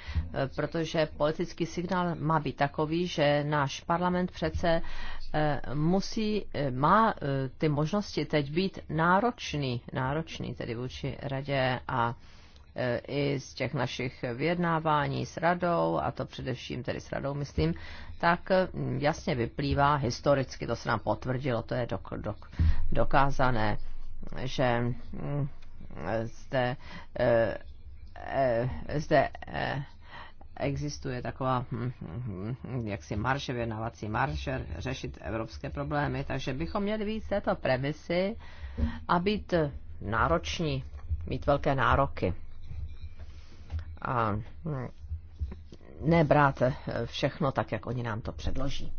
protože politický signál má být takový, že náš parlament přece musí, má ty možnosti teď být náročný, náročný tedy vůči radě a Eh, i z těch našich vyjednávání s radou, a to především tedy s radou, myslím, tak eh, jasně vyplývá historicky, to se nám potvrdilo, to je dok, dok, dokázané, že mm, zde, eh, zde existuje taková hm, hm, jaksi marže, věnovací marže, řešit evropské problémy, takže bychom měli víc této premisy a být nároční, mít velké nároky a no, nebrát všechno tak, jak oni nám to předloží.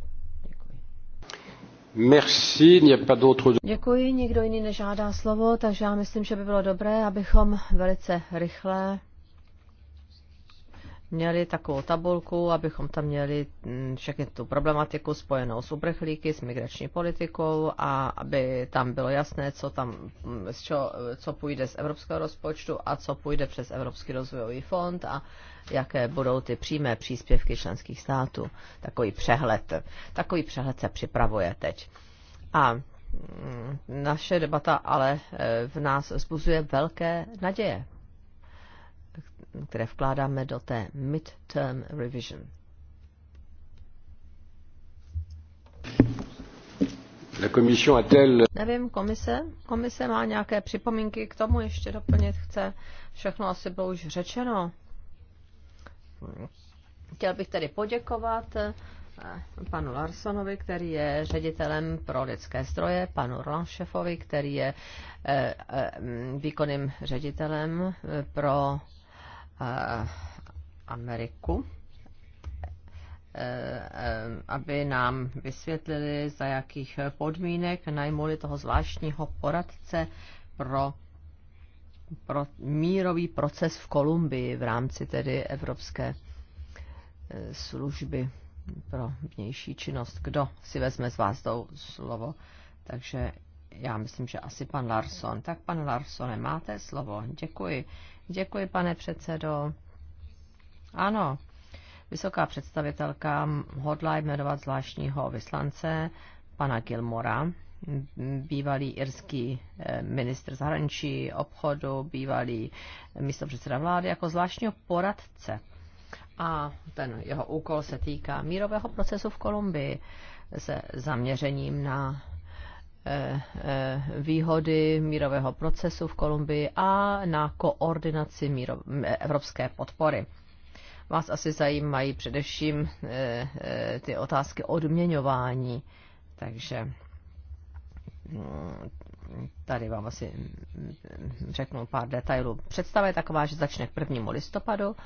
Merci, Děkuji, nikdo jiný nežádá slovo, takže já myslím, že by bylo dobré, abychom velice rychle měli takovou tabulku, abychom tam měli mm, všechny tu problematiku spojenou s uprchlíky, s migrační politikou a aby tam bylo jasné, co tam, mm, z čo, co půjde z evropského rozpočtu a co půjde přes Evropský rozvojový fond a jaké budou ty přímé příspěvky členských států. Takový přehled. Takový přehled se připravuje teď. A mm, naše debata ale eh, v nás zbuzuje velké naděje, které vkládáme do té mid-term revision. Nevím, komise, komise má nějaké připomínky k tomu, ještě doplnit chce. Všechno asi bylo už řečeno. Chtěl bych tedy poděkovat eh, panu Larsonovi, který je ředitelem pro lidské zdroje, panu Rolanšefovi, který je eh, eh, mm, výkonným ředitelem pro Ameriku, e, e, aby nám vysvětlili, za jakých podmínek najmuli toho zvláštního poradce pro, pro mírový proces v Kolumbii v rámci tedy Evropské e, služby pro vnější činnost. Kdo si vezme z vás to slovo? Takže já myslím, že asi pan Larson. Tak pan Larsone, máte slovo. Děkuji. Děkuji, pane předsedo. Ano, vysoká představitelka hodla jmenovat zvláštního vyslance pana Gilmora, bývalý irský eh, ministr zahraničí, obchodu, bývalý eh, místopředseda vlády jako zvláštního poradce. A ten jeho úkol se týká mírového procesu v Kolumbii se zaměřením na Eh, eh, výhody mírového procesu v Kolumbii a na koordinaci míro, eh, evropské podpory. Vás asi zajímají především ty otázky odměňování, takže mm, tady vám asi mm, řeknu pár detailů. Představa je taková, že začne k 1. listopadu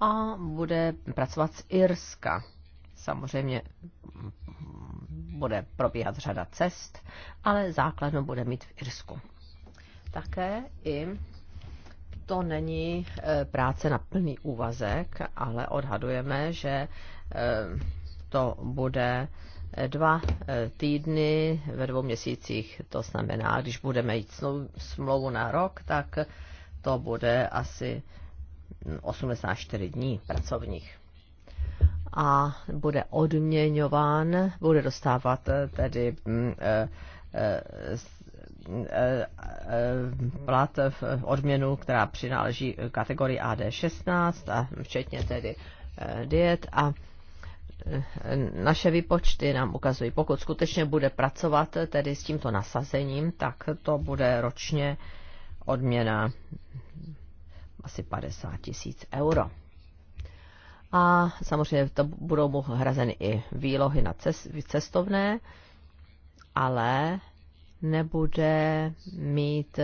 a bude pracovat z Irska. Samozřejmě bude probíhat řada cest, ale základnu bude mít v Irsku. Také i to není e, práce na plný úvazek, ale odhadujeme, že e, to bude e, dva týdny ve dvou měsících. To znamená, když budeme jít smlouvu na rok, tak to bude asi 84 mm, dní pracovních a bude odměňován, bude dostávat eh, tedy mm, eh, eh, plat v odměnu, která přináleží kategorii AD16 a včetně tedy diet a naše výpočty nám ukazují, pokud skutečně bude pracovat tedy s tímto nasazením, tak to bude ročně odměna asi 50 tisíc euro a samozřejmě to budou mu hrazeny i výlohy na cestovné, ale nebude mít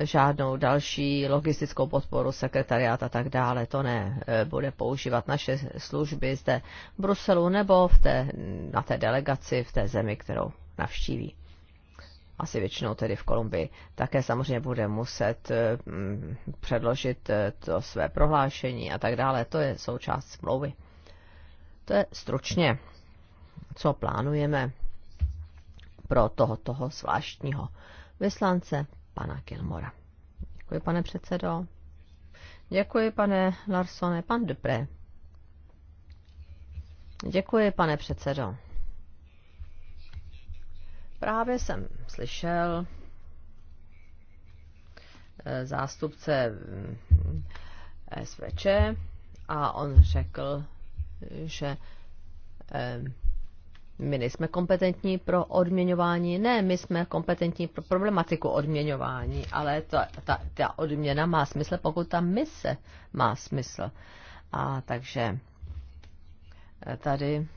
žádnou další logistickou podporu, sekretariát a tak dále, to ne. E, bude používat naše služby zde v Bruselu nebo v té, na té delegaci v té zemi, kterou navštíví asi většinou tedy v Kolumbii, také samozřejmě bude muset eh, mm, předložit eh, to své prohlášení a tak dále. To je součást smlouvy. To je stručně, co plánujeme pro toho, toho zvláštního vyslance, pana Kilmora. Děkuji, pane předsedo. Děkuji, pane Larsone. Pan Dupré. Děkuji, pane předsedo. Právě jsem slyšel eh, zástupce mm, SVČ a on řekl, že eh, my nejsme kompetentní pro odměňování, ne, my jsme kompetentní pro problematiku odměňování, ale ta, ta, ta odměna má smysl, pokud ta mise má smysl. A takže eh, tady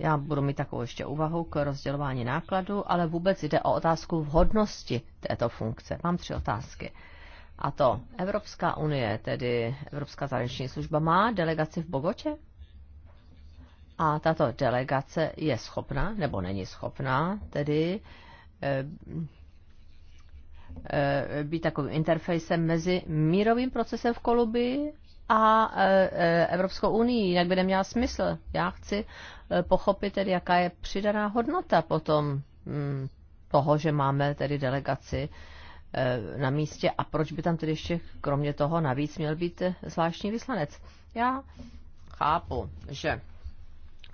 já budu mít takovou ještě úvahu k rozdělování nákladu, ale vůbec jde o otázku vhodnosti této funkce. Mám tři otázky. A to Evropská unie, tedy Evropská zahraniční služba, má delegaci v Bogotě? A tato delegace je schopná nebo není schopná tedy e, e, být takovým interfejsem mezi mírovým procesem v Kolumbii a e, e, Evropskou unii, jinak by neměla smysl. Já chci e, pochopit tedy, jaká je přidaná hodnota potom mm, toho, že máme tedy delegaci na místě a proč by tam tedy ještě kromě toho navíc měl být zvláštní vyslanec. Já chápu, že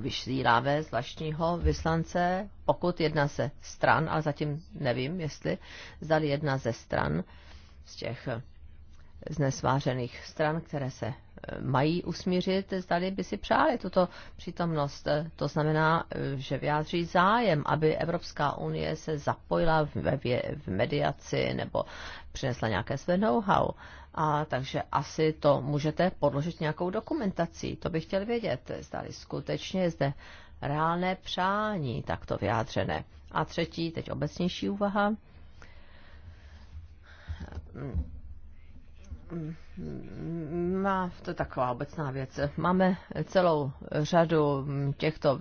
vysíláme zvláštního vyslance, pokud jedna ze stran, ale zatím nevím, jestli zdali jedna ze stran z těch znesvářených stran, které se eh, mají usmířit, zdali by si přáli tuto přítomnost. Eh, to znamená, eh, že vyjádří zájem, aby Evropská unie se zapojila v, vě, v mediaci nebo přinesla nějaké své know-how. A takže asi to můžete podložit nějakou dokumentací. To bych chtěl vědět, zdali skutečně je zde reálné přání takto vyjádřené. A třetí, teď obecnější úvaha má, no, to je taková obecná věc. Máme celou řadu těchto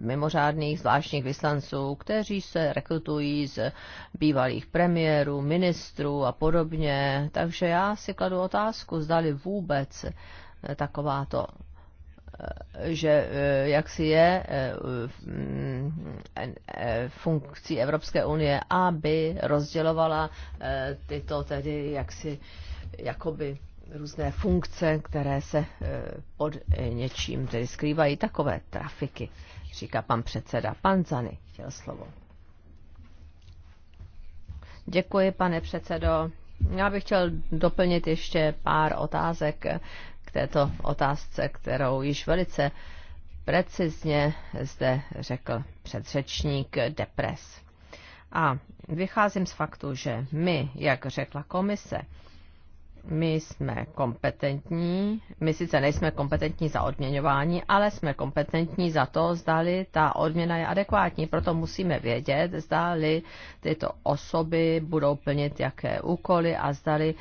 mimořádných zvláštních vyslanců, kteří se rekrutují z bývalých premiérů, ministrů a podobně. Takže já si kladu otázku, zdali vůbec takováto že jak si je funkcí Evropské unie, aby rozdělovala tyto tedy jaksi si jakoby různé funkce, které se e, pod e, něčím tedy skrývají, takové trafiky, říká pan předseda. Pan Zany chtěl slovo. Děkuji, pane předsedo. Já bych chtěl doplnit ještě pár otázek k této otázce, kterou již velice precizně zde řekl předřečník Depres. A vycházím z faktu, že my, jak řekla komise, my jsme kompetentní, my sice nejsme kompetentní za odměňování, ale jsme kompetentní za to, zdali ta odměna je adekvátní. Proto musíme vědět, zdali tyto osoby budou plnit jaké úkoly a zdali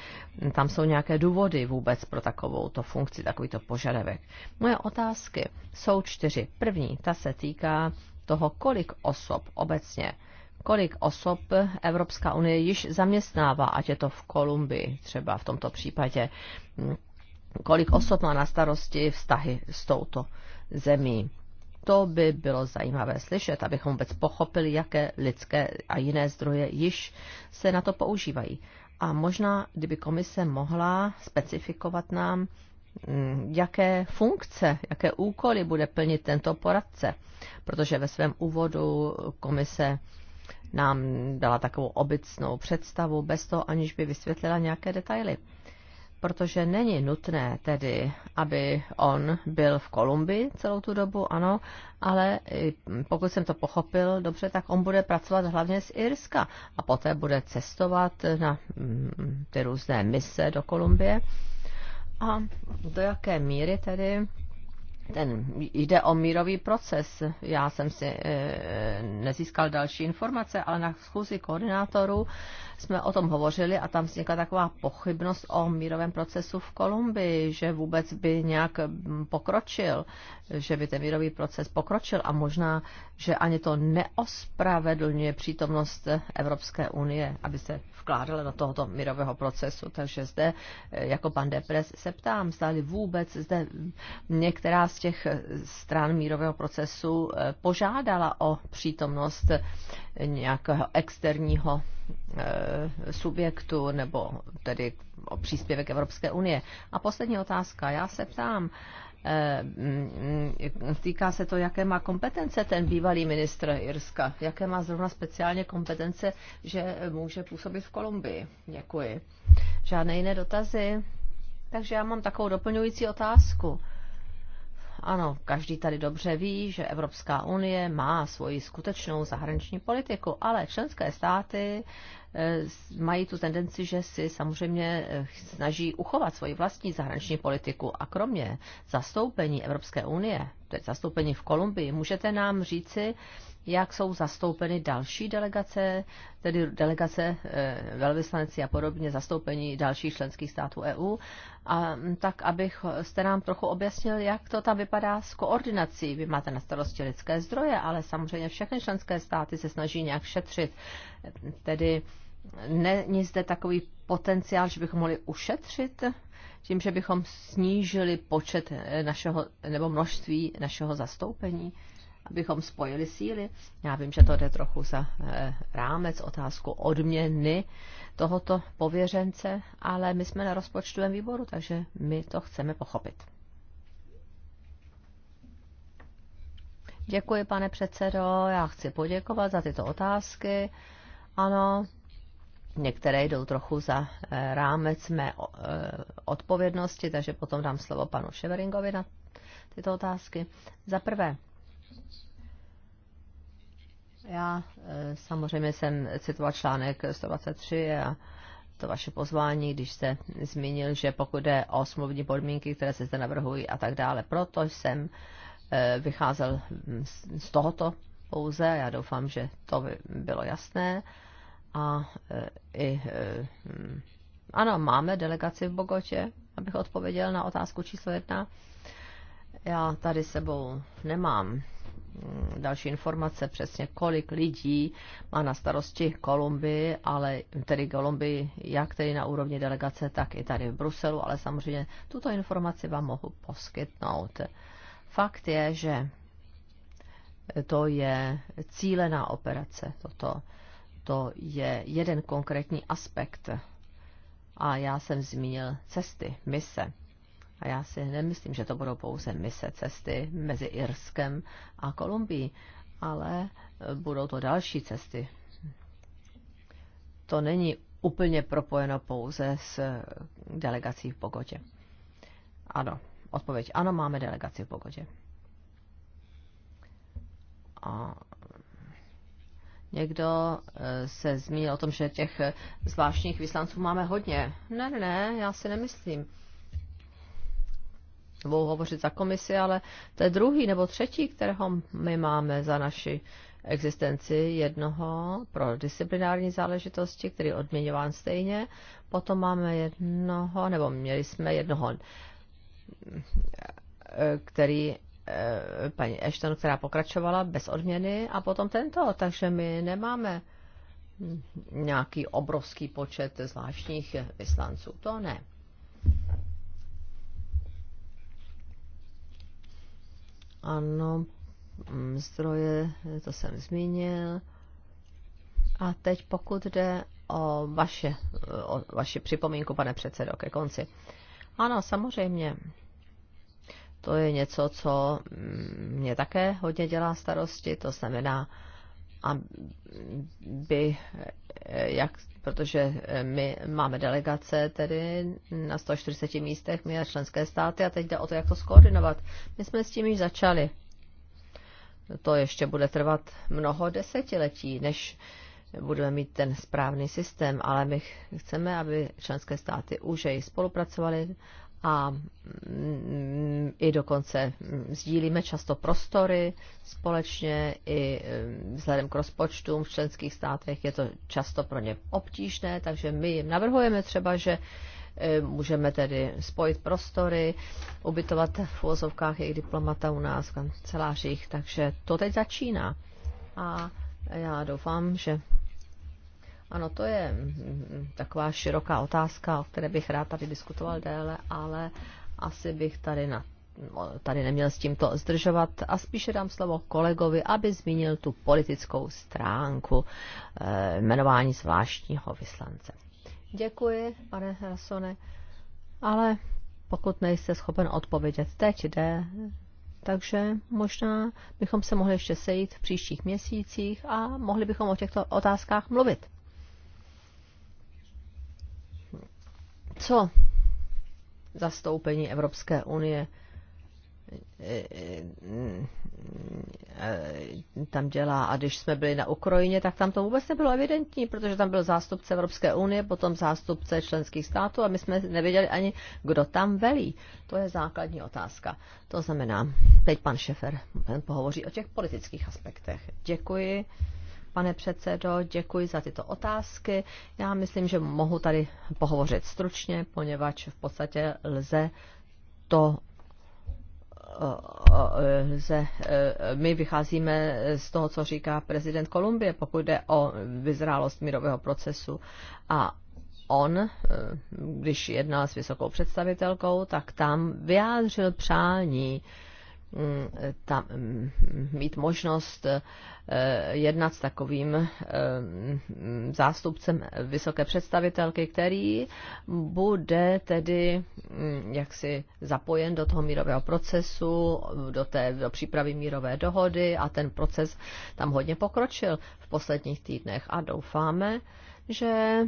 tam jsou nějaké důvody vůbec pro takovou to funkci, takovýto požadavek. Moje otázky jsou čtyři. První, ta se týká toho, kolik osob obecně kolik osob Evropská unie již zaměstnává, ať je to v Kolumbii třeba v tomto případě, kolik osob má na starosti vztahy s touto zemí. To by bylo zajímavé slyšet, abychom vůbec pochopili, jaké lidské a jiné zdroje již se na to používají. A možná, kdyby komise mohla specifikovat nám, mm, jaké funkce, jaké úkoly bude plnit tento poradce, protože ve svém úvodu komise nám dala takovou obecnou představu, bez toho aniž by vysvětlila nějaké detaily. Protože není nutné tedy, aby on byl v Kolumbii celou tu dobu, ano, ale pokud jsem to pochopil dobře, tak on bude pracovat hlavně z Irska a poté bude cestovat na mm, ty různé mise do Kolumbie. A do jaké míry tedy ten, jde o mírový proces. Já jsem si e, nezískal další informace, ale na schůzi koordinátorů jsme o tom hovořili a tam vznikla taková pochybnost o mírovém procesu v Kolumbii, že vůbec by nějak pokročil, že by ten mírový proces pokročil a možná, že ani to neospravedlňuje přítomnost Evropské unie, aby se vkládala do tohoto mírového procesu. Takže zde, e, jako pan Depres, se ptám, zdali vůbec zde některá z těch eh, stran mírového procesu eh, požádala o přítomnost nějakého externího eh, subjektu nebo tedy o příspěvek Evropské unie. A poslední otázka. Já se ptám, mm, týká se to, jaké má kompetence ten bývalý ministr Irska, jaké má zrovna speciálně kompetence, že může působit v Kolumbii. Děkuji. Žádné jiné dotazy? Takže já mám takovou doplňující otázku. Ano, každý tady dobře ví, že Evropská unie má svoji skutečnou zahraniční politiku, ale členské státy eh, mají tu tendenci, že si samozřejmě eh, snaží uchovat svoji vlastní zahraniční politiku. A kromě zastoupení Evropské unie, je zastoupení v Kolumbii, můžete nám říci, jak jsou zastoupeny další delegace, tedy delegace eh, velvyslanci a podobně, zastoupení dalších členských států EU, a mm, tak abych eh, jste nám trochu objasnil, jak to tam vypadá s koordinací. Vy máte na starosti lidské zdroje, ale samozřejmě všechny členské státy se snaží nějak šetřit. Tedy eh, není zde takový potenciál, že bychom mohli ušetřit tím, že bychom snížili počet našeho, nebo množství našeho zastoupení? abychom spojili síly. Já vím, že to jde trochu za eh, rámec otázku odměny tohoto pověřence, ale my jsme na rozpočtovém výboru, takže my to chceme pochopit. Děkuji, pane předsedo. Já chci poděkovat za tyto otázky. Ano, některé jdou trochu za eh, rámec mé eh, odpovědnosti, takže potom dám slovo panu Ševeringovi na tyto otázky. Za prvé, já e, samozřejmě jsem citoval článek 123 a to vaše pozvání, když jste zmínil, že pokud jde o smluvní podmínky, které se zde navrhují a tak dále. Proto jsem e, vycházel z tohoto pouze, já doufám, že to by bylo jasné. A e, i, ano, máme delegaci v Bogotě, abych odpověděl na otázku číslo jedna. Já tady sebou nemám Mm, další informace, přesně kolik lidí má na starosti Kolumbii, ale tedy Kolumbii, jak tedy na úrovni delegace, tak i tady v Bruselu, ale samozřejmě tuto informaci vám mohu poskytnout. Fakt je, že to je cílená operace, toto. To je jeden konkrétní aspekt. A já jsem zmínil cesty, mise. A já si nemyslím, že to budou pouze mise cesty mezi Irskem a Kolumbií, ale e, budou to další cesty. To není úplně propojeno pouze s e, delegací v Bogotě. Ano, odpověď. Ano, máme delegaci v Bogotě. A Někdo e, se zmínil o tom, že těch zvláštních vyslanců máme hodně. Ne, ne, ne, já si nemyslím mohu hovořit za komisi, ale to je druhý nebo třetí, kterého my máme za naši existenci jednoho pro disciplinární záležitosti, který je odměňován stejně. Potom máme jednoho, nebo měli jsme jednoho, který eh, paní Ashton, která pokračovala bez odměny a potom tento, takže my nemáme nějaký obrovský počet zvláštních vyslanců, to ne. Ano, mm, zdroje, to jsem zmínil. A teď pokud jde o, vaše, o vaše připomínku, pane předsedo, ke konci. Ano, samozřejmě. To je něco, co mm, mě také hodně dělá starosti, to znamená, aby, jak protože eh, my máme delegace tedy na 140 místech, my a členské státy a teď jde o to, jak to skoordinovat. My jsme s tím již začali. To ještě bude trvat mnoho desetiletí, než budeme mít ten správný systém, ale my chceme, aby členské státy už jej spolupracovaly a mm, i dokonce mm, sdílíme často prostory společně i mm, vzhledem k rozpočtům v členských státech je to často pro ně obtížné, takže my jim navrhujeme třeba, že eh, můžeme tedy spojit prostory, ubytovat v úvozovkách jejich diplomata u nás v kancelářích, takže to teď začíná. A já doufám, že ano, to je mm, mm, taková široká otázka, o které bych rád tady diskutoval déle, ale asi bych tady na no, tady neměl s tímto zdržovat a spíše dám slovo kolegovi, aby zmínil tu politickou stránku e, jmenování zvláštního vyslance. Děkuji, pane Rasone, ale pokud nejste schopen odpovědět teď, jde, takže možná bychom se mohli ještě sejít v příštích měsících a mohli bychom o těchto otázkách mluvit. co zastoupení Evropské unie e, e, e, tam dělá. A když jsme byli na Ukrajině, tak tam to vůbec nebylo evidentní, protože tam byl zástupce Evropské unie, potom zástupce členských států a my jsme nevěděli ani, kdo tam velí. To je základní otázka. To znamená, teď pan Šefer pohovoří o těch politických aspektech. Děkuji pane předsedo, děkuji za tyto otázky. Já myslím, že mohu tady pohovořit stručně, poněvadž v podstatě lze to eh, eh, lze, eh, my vycházíme z toho, co říká prezident Kolumbie, pokud jde o vyzrálost mírového procesu. A on, když jednal s vysokou představitelkou, tak tam vyjádřil přání Mm, ta, mm, mít možnost eh, jednat s takovým eh, mm, zástupcem vysoké představitelky, který bude tedy jaksi zapojen do toho mírového procesu, do té do přípravy mírové dohody a ten proces tam hodně pokročil v posledních týdnech a doufáme, že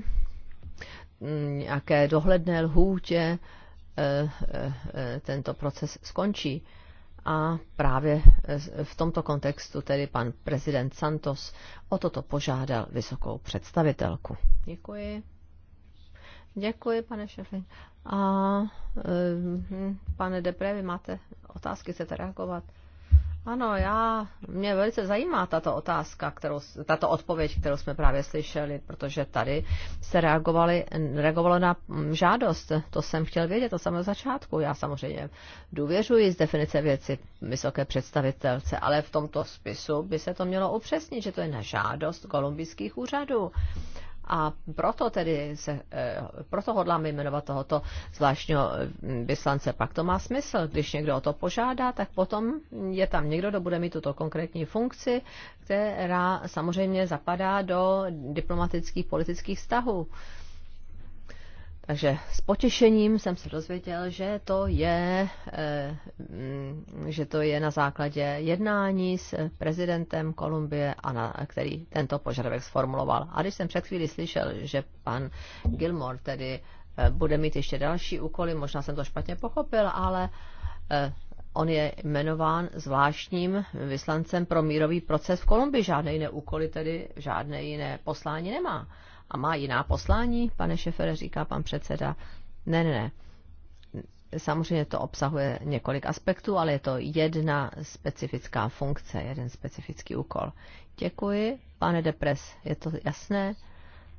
nějaké dohledné lhůtě eh, tento proces skončí a právě eh, v tomto kontextu tedy pan prezident Santos o toto požádal vysokou představitelku. Děkuji. Děkuji, pane šefe. A eh, hm, pane Depre, vy máte otázky, chcete reagovat? Ano, já, mě velice zajímá tato otázka, kterou, tato odpověď, kterou jsme právě slyšeli, protože tady se reagovali, reagovalo na mm, žádost. To jsem chtěl vědět od samého začátku. Já samozřejmě důvěřuji z definice věci vysoké představitelce, ale v tomto spisu by se to mělo upřesnit, že to je na žádost kolumbijských úřadů a proto tedy se, eh, proto hodlám jmenovat tohoto zvláštního mm, vyslance. Pak to má smysl, když někdo o to požádá, tak potom je tam někdo, kdo bude mít tuto konkrétní funkci, která samozřejmě zapadá do diplomatických politických vztahů. Takže s potěšením jsem se dozvěděl, že to je, eh, mm, že to je na základě jednání s prezidentem Kolumbie, a na, který tento požadavek sformuloval. A když jsem před chvíli slyšel, že pan Gilmore tedy eh, bude mít ještě další úkoly, možná jsem to špatně pochopil, ale eh, on je jmenován zvláštním vyslancem pro mírový proces v Kolumbii. Žádné jiné úkoly, tedy žádné jiné poslání nemá a má jiná poslání, pane Šefere, říká pan předseda. Ne, ne, ne. Samozřejmě to obsahuje několik aspektů, ale je to jedna specifická funkce, jeden specifický úkol. Děkuji, pane Depres, je to jasné?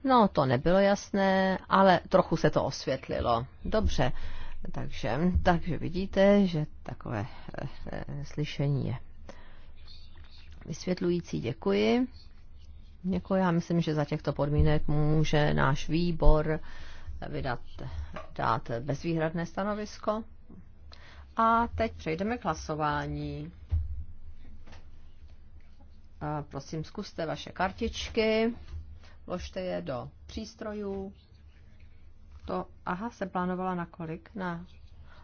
No, to nebylo jasné, ale trochu se to osvětlilo. Dobře, takže, takže vidíte, že takové eh, eh slyšení je vysvětlující. Děkuji. Jako já myslím, že za těchto podmínek může náš výbor vydat, dát bezvýhradné stanovisko. A teď přejdeme k hlasování. A prosím, zkuste vaše kartičky, vložte je do přístrojů. To, aha, se plánovala na kolik? Na,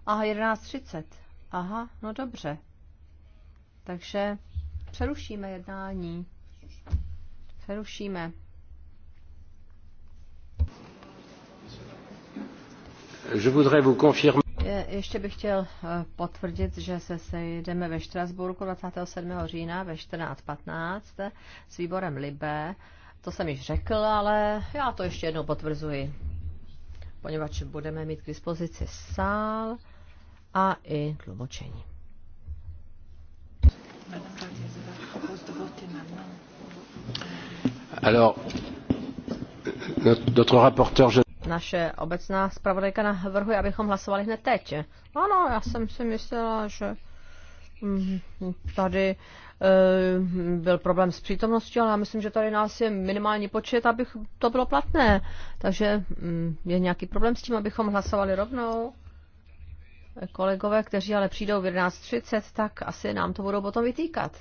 aha, 11.30. Aha, no dobře. Takže přerušíme jednání přerušíme. Je voudrais vous confirmer ještě bych chtěl eh, potvrdit, že se sejdeme ve Štrasburku 27. října ve 14.15 s výborem Libe. To jsem již řekl, ale já to ještě jednou potvrzuji, poněvadž budeme mít k dispozici sál a i tlumočení. Alors, notre rapporteur... Naše obecná zpravodajka navrhuje, abychom hlasovali hned teď. Ano, já jsem si myslela, že mm, tady eh, byl problém s přítomností, ale já myslím, že tady nás je minimální počet, abych to bylo platné. Takže mm, je nějaký problém s tím, abychom hlasovali rovnou. Kolegové, kteří ale přijdou v 11.30, tak asi nám to budou potom vytýkat.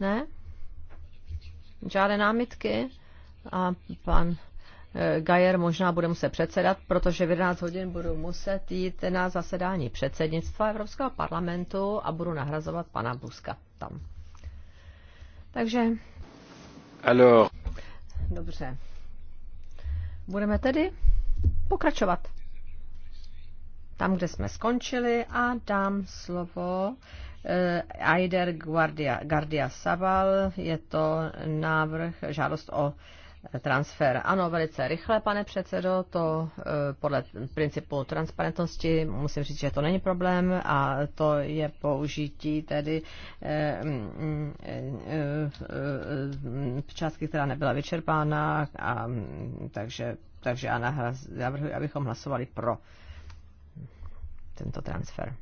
Ne? žádné námitky a pan eh, Gajer možná bude muset předsedat, protože v 11 hodin budu muset jít na zasedání předsednictva Evropského parlamentu a budu nahrazovat pana Buska tam. Takže... Alo. Dobře. Budeme tedy pokračovat tam, kde jsme skončili a dám slovo Eh, Aider Guardia, Guardia Sabal, je to návrh, žádost o eh, transfer. Ano, velice rychle, pane předsedo, to eh, podle principu transparentnosti musím říct, že to není problém a to je použití tedy mm, mm, částky, která nebyla vyčerpána, a, mm, takže, takže já navrhuji, abychom hlasovali pro tento transfer.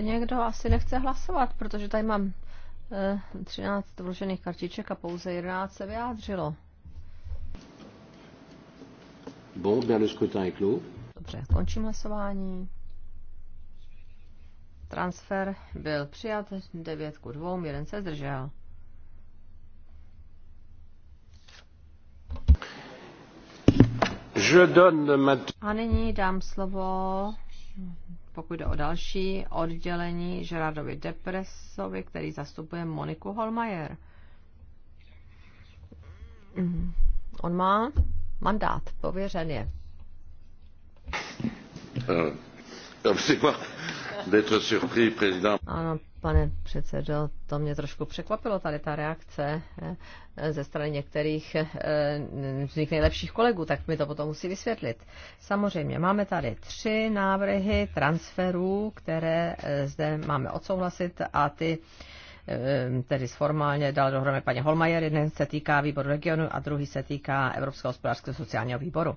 Někdo asi nechce hlasovat, protože tady mám eh, 13 vložených kartiček a pouze 11 se vyjádřilo. Bon, bien, le scrutin est clos. Dobře, končím hlasování. Transfer byl přijat 9 ku 2, 1 se zdržel. A nyní dám slovo pokud jde o další oddělení Gerardovi Depresovi, který zastupuje Moniku Holmajer. Mm. On má mandát, pověřen je. Euh, ano, Pane předsedo, to mě trošku překvapilo, tady ta reakce eh, ze strany některých eh, z mých nejlepších kolegů, tak mi to potom musí vysvětlit. Samozřejmě, máme tady tři návrhy transferů, které eh, zde máme odsouhlasit a ty tedy formálně dal dohromady paní Holmajer. Jeden se týká výboru regionu a druhý se týká Evropského hospodářského sociálního výboru.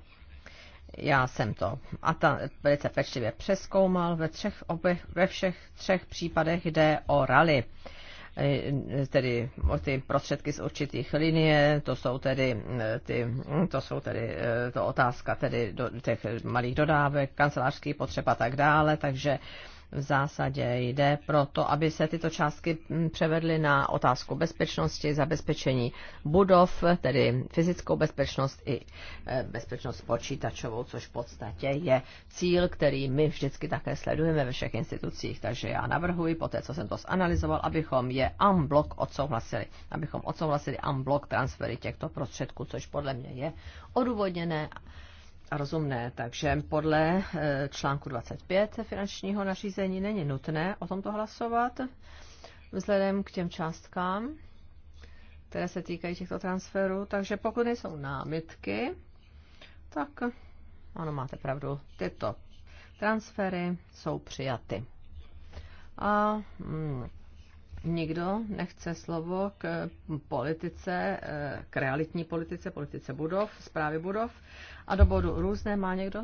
Já jsem to a ta velice pečlivě přeskoumal. Ve, třech obech, ve všech třech případech jde o rally e, tedy o ty prostředky z určitých linie, to jsou tedy, e, ty, to jsou tedy e, to otázka tedy do, těch malých dodávek, kancelářský potřeb a tak dále, takže v zásadě jde proto, aby se tyto částky mm, převedly na otázku bezpečnosti, zabezpečení budov, tedy fyzickou bezpečnost i eh, bezpečnost počítačovou, což v podstatě je cíl, který my vždycky také sledujeme ve všech institucích. Takže já navrhuji, po té, co jsem to zanalizoval, abychom je unblock odsouhlasili. Abychom odsouhlasili unblock transfery těchto prostředků, což podle mě je odůvodněné a rozumné. Takže podle eh, článku 25 finančního nařízení není nutné o tomto hlasovat vzhledem k těm částkám, které se týkají těchto transferů. Takže pokud nejsou námitky, tak ano, máte pravdu, tyto transfery jsou přijaty. A mm, Nikdo nechce slovo k politice, eh, k realitní politice, politice budov, zprávy budov. A do bodu různé má někdo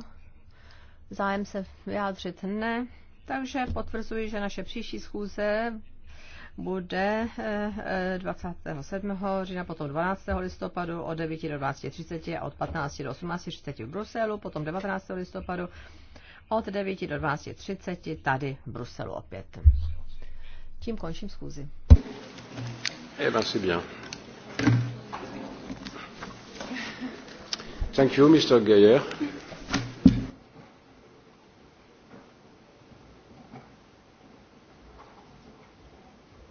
zájem se vyjádřit? Ne. Takže potvrzuji, že naše příští schůze bude 27. Eh, října, potom 12. listopadu od 9 do 12.30 a od 15 do 18.30 v Bruselu, potom 19. listopadu od 9 do 12.30 tady v Bruselu opět. Tím končím schůzi. Eh ben, c'est bien. Thank you, Mr. Geyer.